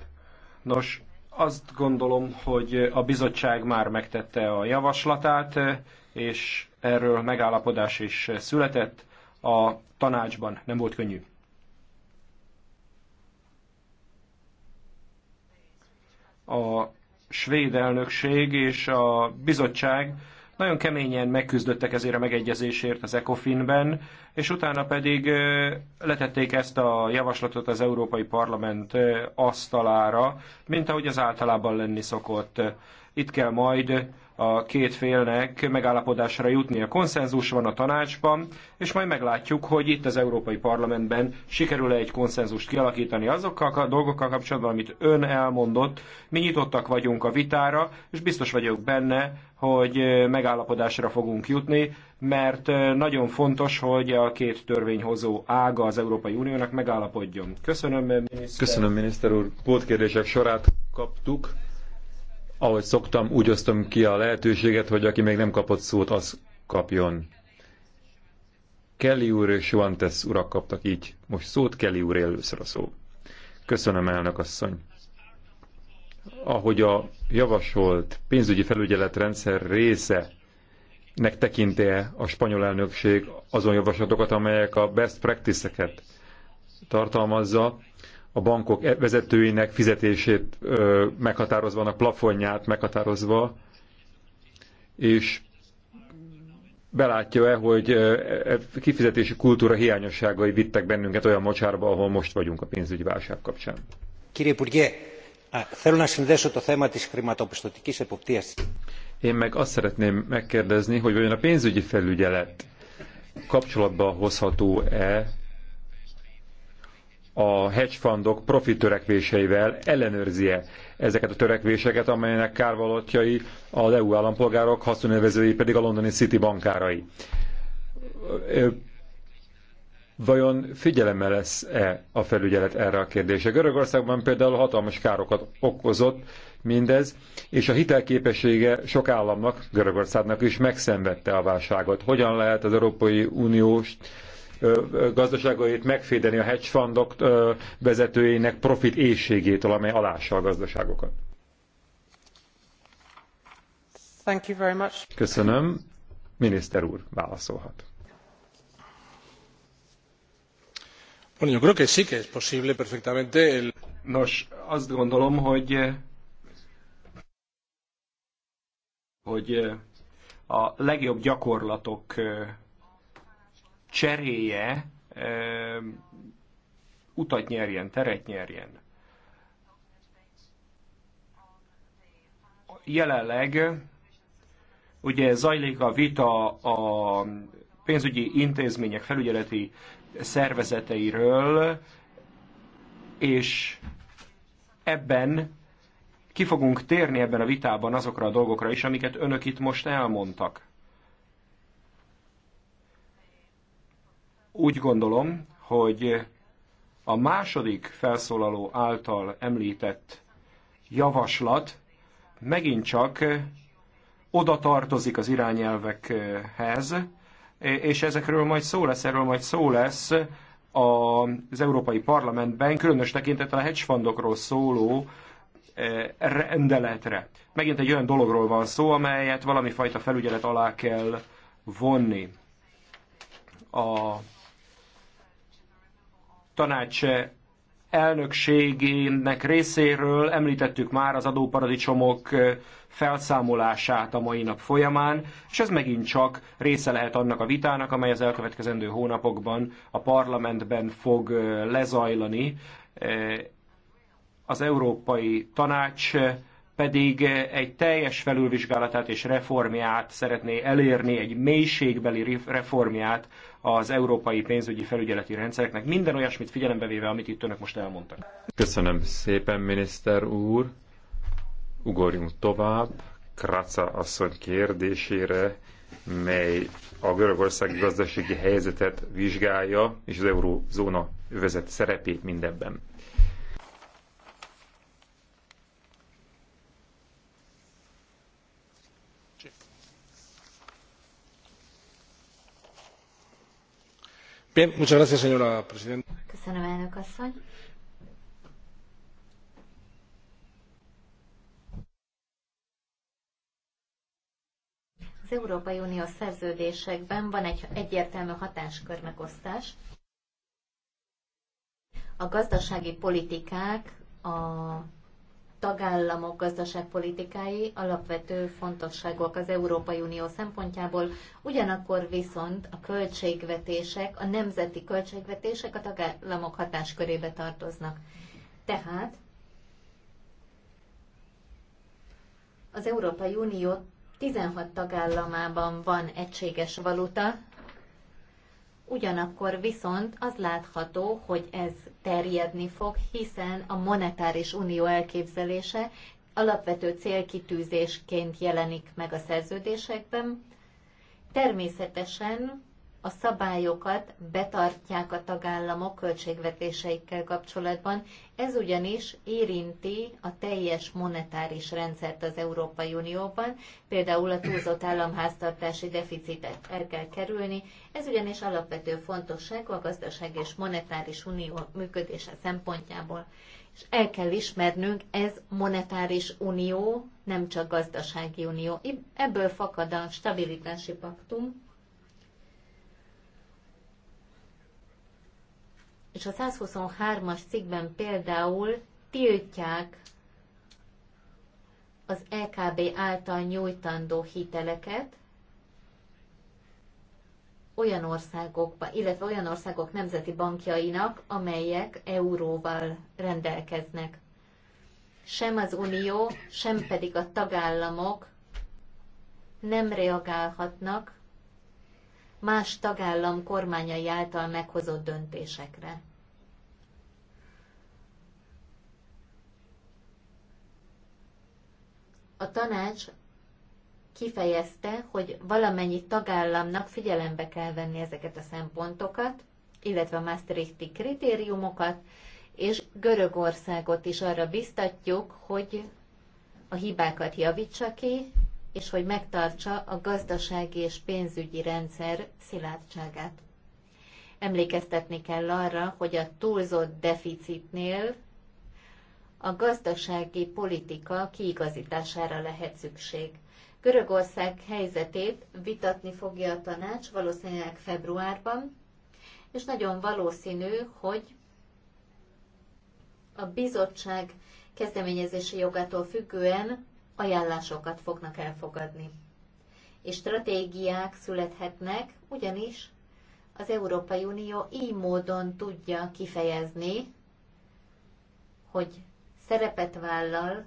Nos, azt gondolom, hogy a bizottság már megtette a javaslatát, és erről megállapodás is született a tanácsban. Nem volt könnyű. A svéd elnökség és a bizottság nagyon keményen megküzdöttek ezért a megegyezésért az ECOFIN-ben, és utána pedig letették ezt a javaslatot az Európai Parlament asztalára, mint ahogy az általában lenni szokott. Itt kell majd a két félnek megállapodásra jutni. A konszenzus van a tanácsban, és majd meglátjuk, hogy itt az Európai Parlamentben sikerül-e egy konszenzust kialakítani azokkal a dolgokkal kapcsolatban, amit ön elmondott. Mi nyitottak vagyunk a vitára, és biztos vagyok benne, hogy megállapodásra fogunk jutni, mert nagyon fontos, hogy a két törvényhozó ága az Európai Uniónak megállapodjon. Köszönöm, miniszter. Köszönöm, miniszter úr. Pótkérdések sorát kaptuk ahogy szoktam, úgy osztom ki a lehetőséget, hogy aki még nem kapott szót, az kapjon. Kelly úr és Suantes urak kaptak így most szót, Kelly úr először a szó. Köszönöm, elnök asszony. Ahogy a javasolt pénzügyi felügyeletrendszer része nek tekinti -e a spanyol elnökség azon javaslatokat, amelyek a best practice-eket tartalmazza, a bankok vezetőinek fizetését meghatározva, a plafonját meghatározva, és belátja-e, hogy e, e kifizetési kultúra hiányosságai vittek bennünket olyan mocsárba, ahol most vagyunk a pénzügyi válság kapcsán. Én meg azt szeretném megkérdezni, hogy vajon a pénzügyi felügyelet kapcsolatba hozható-e a hedge fundok ellenőrzi e ezeket a törekvéseket, amelynek kárvalatjai az EU állampolgárok, haszonélvezői pedig a londoni City bankárai. Vajon figyelemmel lesz-e a felügyelet erre a kérdése? Görögországban például hatalmas károkat okozott mindez, és a hitelképessége sok államnak, Görögországnak is megszenvedte a válságot. Hogyan lehet az Európai Uniós gazdaságait megfédeni a hedge fundok vezetőinek profit éjségétől, amely alássa a gazdaságokat. Thank you very much. Köszönöm. Miniszter úr válaszolhat. Bueno, yo creo que sí que es posible perfectamente el... Nos, azt gondolom, hogy hogy a legjobb gyakorlatok cseréje utat nyerjen, teret nyerjen. Jelenleg ugye zajlik a vita a pénzügyi intézmények felügyeleti szervezeteiről, és ebben ki fogunk térni ebben a vitában azokra a dolgokra is, amiket önök itt most elmondtak. Úgy gondolom, hogy a második felszólaló által említett javaslat megint csak oda tartozik az irányelvekhez, és ezekről majd szó lesz, erről majd szó lesz az Európai Parlamentben, különös tekintettel a hedgefundokról szóló eh, rendeletre. Megint egy olyan dologról van szó, amelyet valami fajta felügyelet alá kell vonni. A tanács elnökségének részéről említettük már az adóparadicsomok felszámolását a mai nap folyamán, és ez megint csak része lehet annak a vitának, amely az elkövetkezendő hónapokban a parlamentben fog eh, lezajlani. Eh, az Európai Tanács pedig eh, egy teljes felülvizsgálatát és reformját szeretné elérni, egy mélységbeli reformját az európai pénzügyi felügyeleti rendszereknek, minden olyasmit figyelembe véve, amit itt önök most elmondtak. Köszönöm szépen, miniszter úr. Ugorjunk tovább. Kraca asszony kérdésére, mely a görögország gazdasági helyzetet vizsgálja, és az eurózóna övezet szerepét mindebben. Köszönöm, elnök asszony. Az Európai Unió szerződésekben van egy egyértelmű hatáskörmegosztás. A gazdasági politikák a tagállamok gazdaságpolitikái alapvető fontosságúak az Európai Unió szempontjából, ugyanakkor viszont a költségvetések, a nemzeti költségvetések a tagállamok hatáskörébe tartoznak. Tehát az Európai Unió 16 tagállamában van egységes valuta, Ugyanakkor viszont az látható, hogy ez terjedni fog, hiszen a monetáris unió elképzelése alapvető célkitűzésként jelenik meg a szerződésekben. Természetesen a szabályokat betartják a tagállamok költségvetéseikkel kapcsolatban. Ez ugyanis érinti a teljes monetáris rendszert az Európai Unióban, például a túlzott államháztartási deficitet el kell kerülni. Ez ugyanis alapvető fontosságú a gazdaság és monetáris unió működése szempontjából. És el kell ismernünk, ez monetáris unió, nem csak gazdasági unió. Ebből fakad a stabilitási paktum, és a 123-as cikkben például tiltják az EKB által nyújtandó hiteleket olyan országokba, illetve olyan országok nemzeti bankjainak, amelyek euróval rendelkeznek. Sem az Unió, sem pedig a tagállamok nem reagálhatnak más tagállam kormányai által meghozott döntésekre. A tanács kifejezte, hogy valamennyi tagállamnak figyelembe kell venni ezeket a szempontokat, illetve a Maastrichti kritériumokat, és Görögországot is arra biztatjuk, hogy a hibákat javítsa ki, és hogy megtartsa a gazdasági és pénzügyi rendszer szilárdságát. Emlékeztetni kell arra, hogy a túlzott deficitnél a gazdasági politika kiigazítására lehet szükség. Görögország helyzetét vitatni fogja a tanács valószínűleg februárban, és nagyon valószínű, hogy a bizottság kezdeményezési jogától függően ajánlásokat fognak elfogadni. És stratégiák születhetnek, ugyanis az Európai Unió így módon tudja kifejezni, hogy szerepet vállal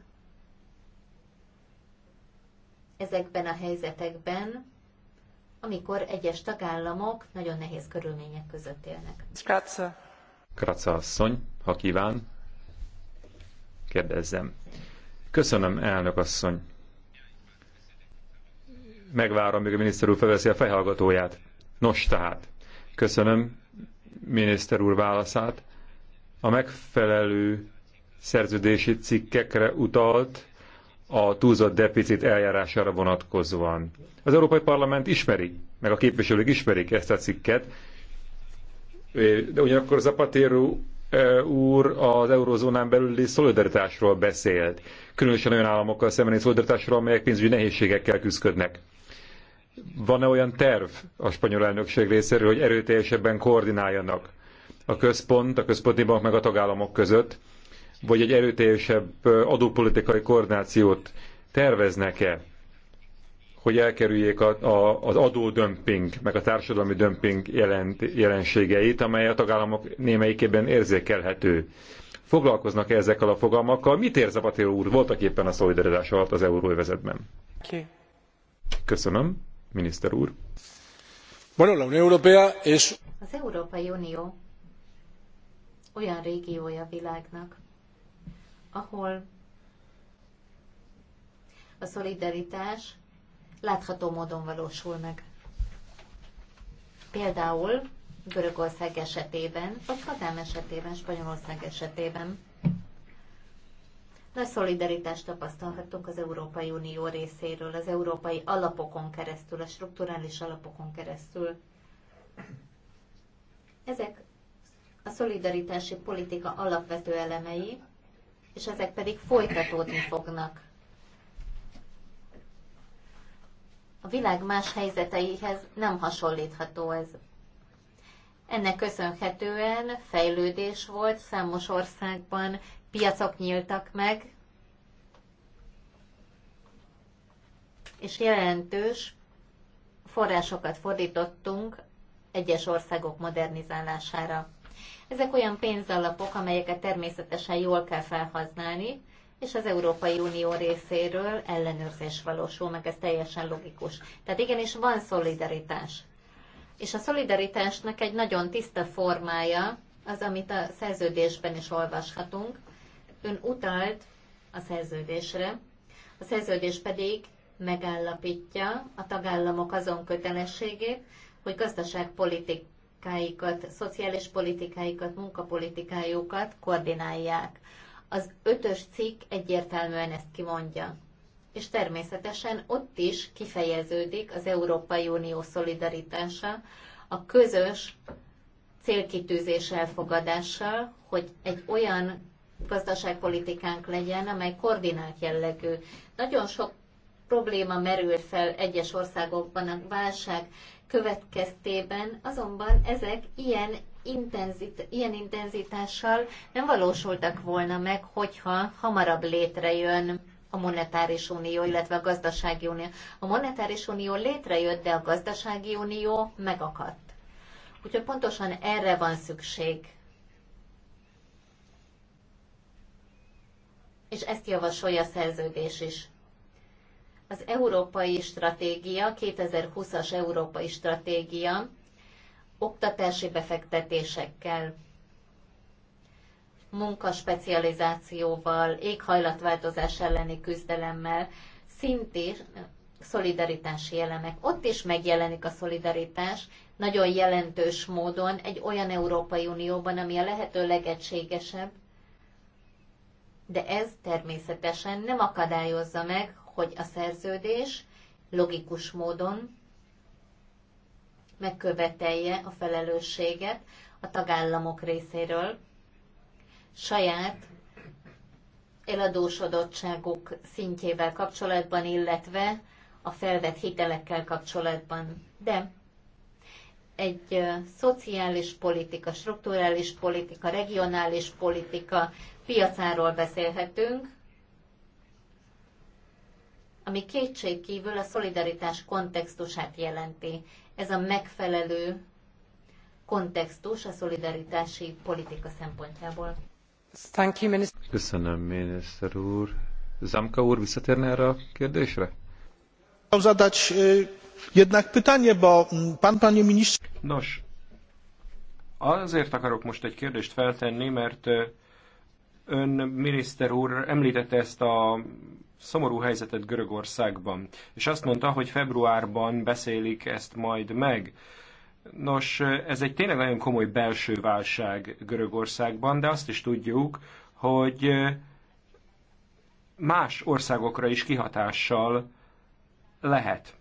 ezekben a helyzetekben, amikor egyes tagállamok nagyon nehéz körülmények között élnek. Kratza. Kratza asszony, ha kíván, kérdezzem. Köszönöm, elnök asszony. Megvárom, míg a miniszter úr felveszi a fejhallgatóját. Nos tehát, köszönöm miniszter úr válaszát. A megfelelő szerződési cikkekre utalt a túlzott deficit eljárására vonatkozóan. Az Európai Parlament ismeri, meg a képviselők ismerik ezt a cikket, de ugyanakkor Zapatero úr az eurozónán belüli szolidaritásról beszélt, különösen olyan államokkal szembeni szolidaritásról, amelyek pénzügyi nehézségekkel küzdködnek. Van-e olyan terv a spanyol elnökség részéről, hogy erőteljesebben koordináljanak a központ, a központi bank meg a tagállamok között, vagy egy erőteljesebb adópolitikai koordinációt terveznek-e? hogy elkerüljék a, a, az adódömping, meg a társadalmi dömping jelent, jelenségeit, amely a tagállamok némelyikében érzékelhető. Foglalkoznak -e ezekkel a fogalmakkal? Mit ér Zapatero úr voltak éppen a szolidaritás alatt az euróvezetben? Okay. Köszönöm, miniszter úr. Bueno, la Unión Europea es... Az Európai Unió olyan régiója világnak, ahol a szolidaritás látható módon valósul meg. Például Görögország esetében, vagy Kadám esetében, Spanyolország esetében. Nagy szolidaritást tapasztalhatunk az Európai Unió részéről, az európai alapokon keresztül, a strukturális alapokon keresztül. Ezek a szolidaritási politika alapvető elemei, és ezek pedig folytatódni fognak. A világ más helyzeteihez nem hasonlítható ez. Ennek köszönhetően fejlődés volt, számos országban piacok nyíltak meg, és jelentős forrásokat fordítottunk egyes országok modernizálására. Ezek olyan pénzalapok, amelyeket természetesen jól kell felhasználni, és az Európai Unió részéről ellenőrzés valósul meg, ez teljesen logikus. Tehát igenis van szolidaritás. És a szolidaritásnak egy nagyon tiszta formája az, amit a szerződésben is olvashatunk. Ön utalt a szerződésre, a szerződés pedig megállapítja a tagállamok azon kötelességét, hogy gazdaságpolitikáikat, szociális politikáikat, munkapolitikájukat koordinálják. Az ötös cikk egyértelműen ezt kimondja. És természetesen ott is kifejeződik az Európai Unió szolidaritása a közös célkitűzés elfogadással, hogy egy olyan gazdaságpolitikánk legyen, amely koordinált jellegű. Nagyon sok probléma merül fel egyes országokban a válság következtében, azonban ezek ilyen intenzit, ilyen intenzitással nem valósultak volna meg, hogyha hamarabb létrejön a monetáris unió, illetve a gazdasági unió. A monetáris unió létrejött, de a gazdasági unió megakadt. Úgyhogy pontosan erre van szükség. És ezt javasolja a szerződés is. Az Európai Stratégia, 2020-as Európai Stratégia oktatási befektetésekkel, munkaspecializációval, éghajlatváltozás elleni küzdelemmel, szintén szolidaritási elemek. Ott is megjelenik a szolidaritás nagyon jelentős módon egy olyan Európai Unióban, ami a lehető legegységesebb, de ez természetesen nem akadályozza meg, hogy a szerződés logikus módon megkövetelje a felelősséget a tagállamok részéről saját eladósodottságuk szintjével kapcsolatban, illetve a felvett hitelekkel kapcsolatban. De egy szociális politika, strukturális politika, regionális politika piacáról beszélhetünk, ami kétségkívül a szolidaritás kontextusát jelenti ez a megfelelő kontextus a szolidaritási politika szempontjából. Köszönöm, miniszter úr. Zamka úr visszatérne erre a kérdésre? zadać e, jednak pytanie, bo pan, panie Nos, azért akarok most egy kérdést feltenni, mert e, ön miniszter úr említette ezt a szomorú helyzetet Görögországban. És azt mondta, hogy februárban beszélik ezt majd meg. Nos, ez egy tényleg nagyon komoly belső válság Görögországban, de azt is tudjuk, hogy más országokra is kihatással lehet.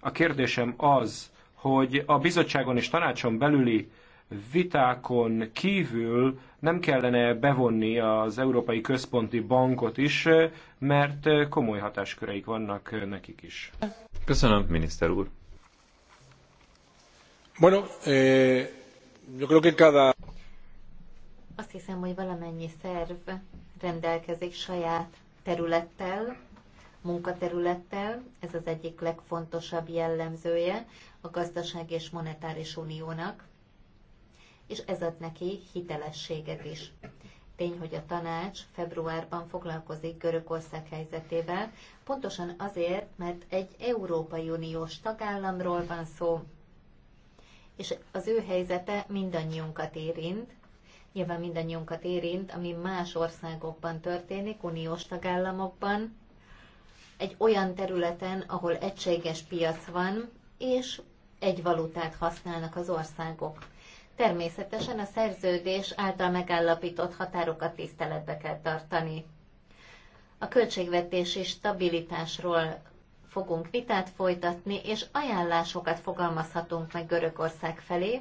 A kérdésem az, hogy a bizottságon és tanácson belüli vitákon kívül nem kellene bevonni az Európai Központi Bankot is, mert komoly hatásköreik vannak nekik is. Köszönöm, miniszter úr. Bueno, eh, yo creo que cada... Azt hiszem, hogy valamennyi szerv rendelkezik saját területtel, munkaterülettel, ez az egyik legfontosabb jellemzője a gazdaság és monetáris uniónak és ez ad neki hitelességet is. Tény, hogy a tanács februárban foglalkozik Görögország helyzetével, pontosan azért, mert egy Európai Uniós tagállamról van szó, és az ő helyzete mindannyiunkat érint, nyilván mindannyiunkat érint, ami más országokban történik, uniós tagállamokban, egy olyan területen, ahol egységes piac van, és egy valutát használnak az országok. Természetesen a szerződés által megállapított határokat tiszteletbe kell tartani. A költségvetési stabilitásról fogunk vitát folytatni, és ajánlásokat fogalmazhatunk meg Görögország felé.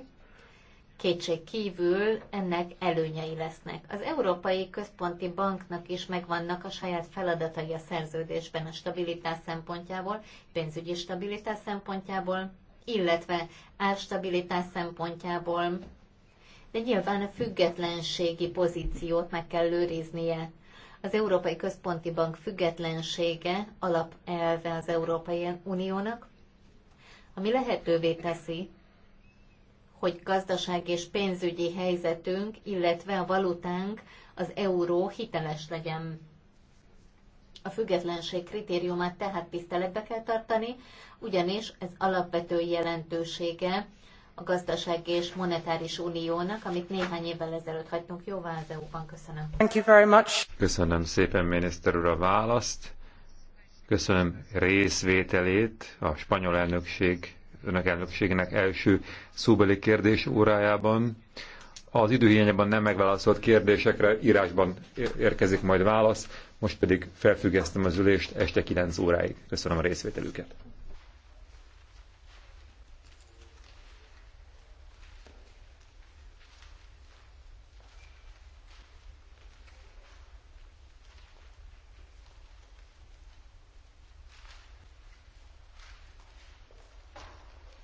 Kétség kívül ennek előnyei lesznek. Az Európai Központi Banknak is megvannak a saját feladatai a szerződésben a stabilitás szempontjából, pénzügyi stabilitás szempontjából, illetve árstabilitás szempontjából, de nyilván a függetlenségi pozíciót meg kell őriznie. Az Európai Központi Bank függetlensége alapelve az Európai Uniónak, ami lehetővé teszi, hogy gazdaság és pénzügyi helyzetünk, illetve a valutánk, az euró hiteles legyen. A függetlenség kritériumát tehát tiszteletbe kell tartani, ugyanis ez alapvető jelentősége a gazdasági és monetáris uniónak, amit néhány évvel ezelőtt hagytunk jóvá az EU-ban. Köszönöm. Thank you very much. Köszönöm szépen, miniszter úr, a választ. Köszönöm részvételét a spanyol elnökség, önök elnökségének első szóbeli kérdés órájában. Az időhiányában nem megválaszolt kérdésekre írásban érkezik majd válasz, most pedig felfüggesztem az ülést este 9 óráig. Köszönöm a részvételüket.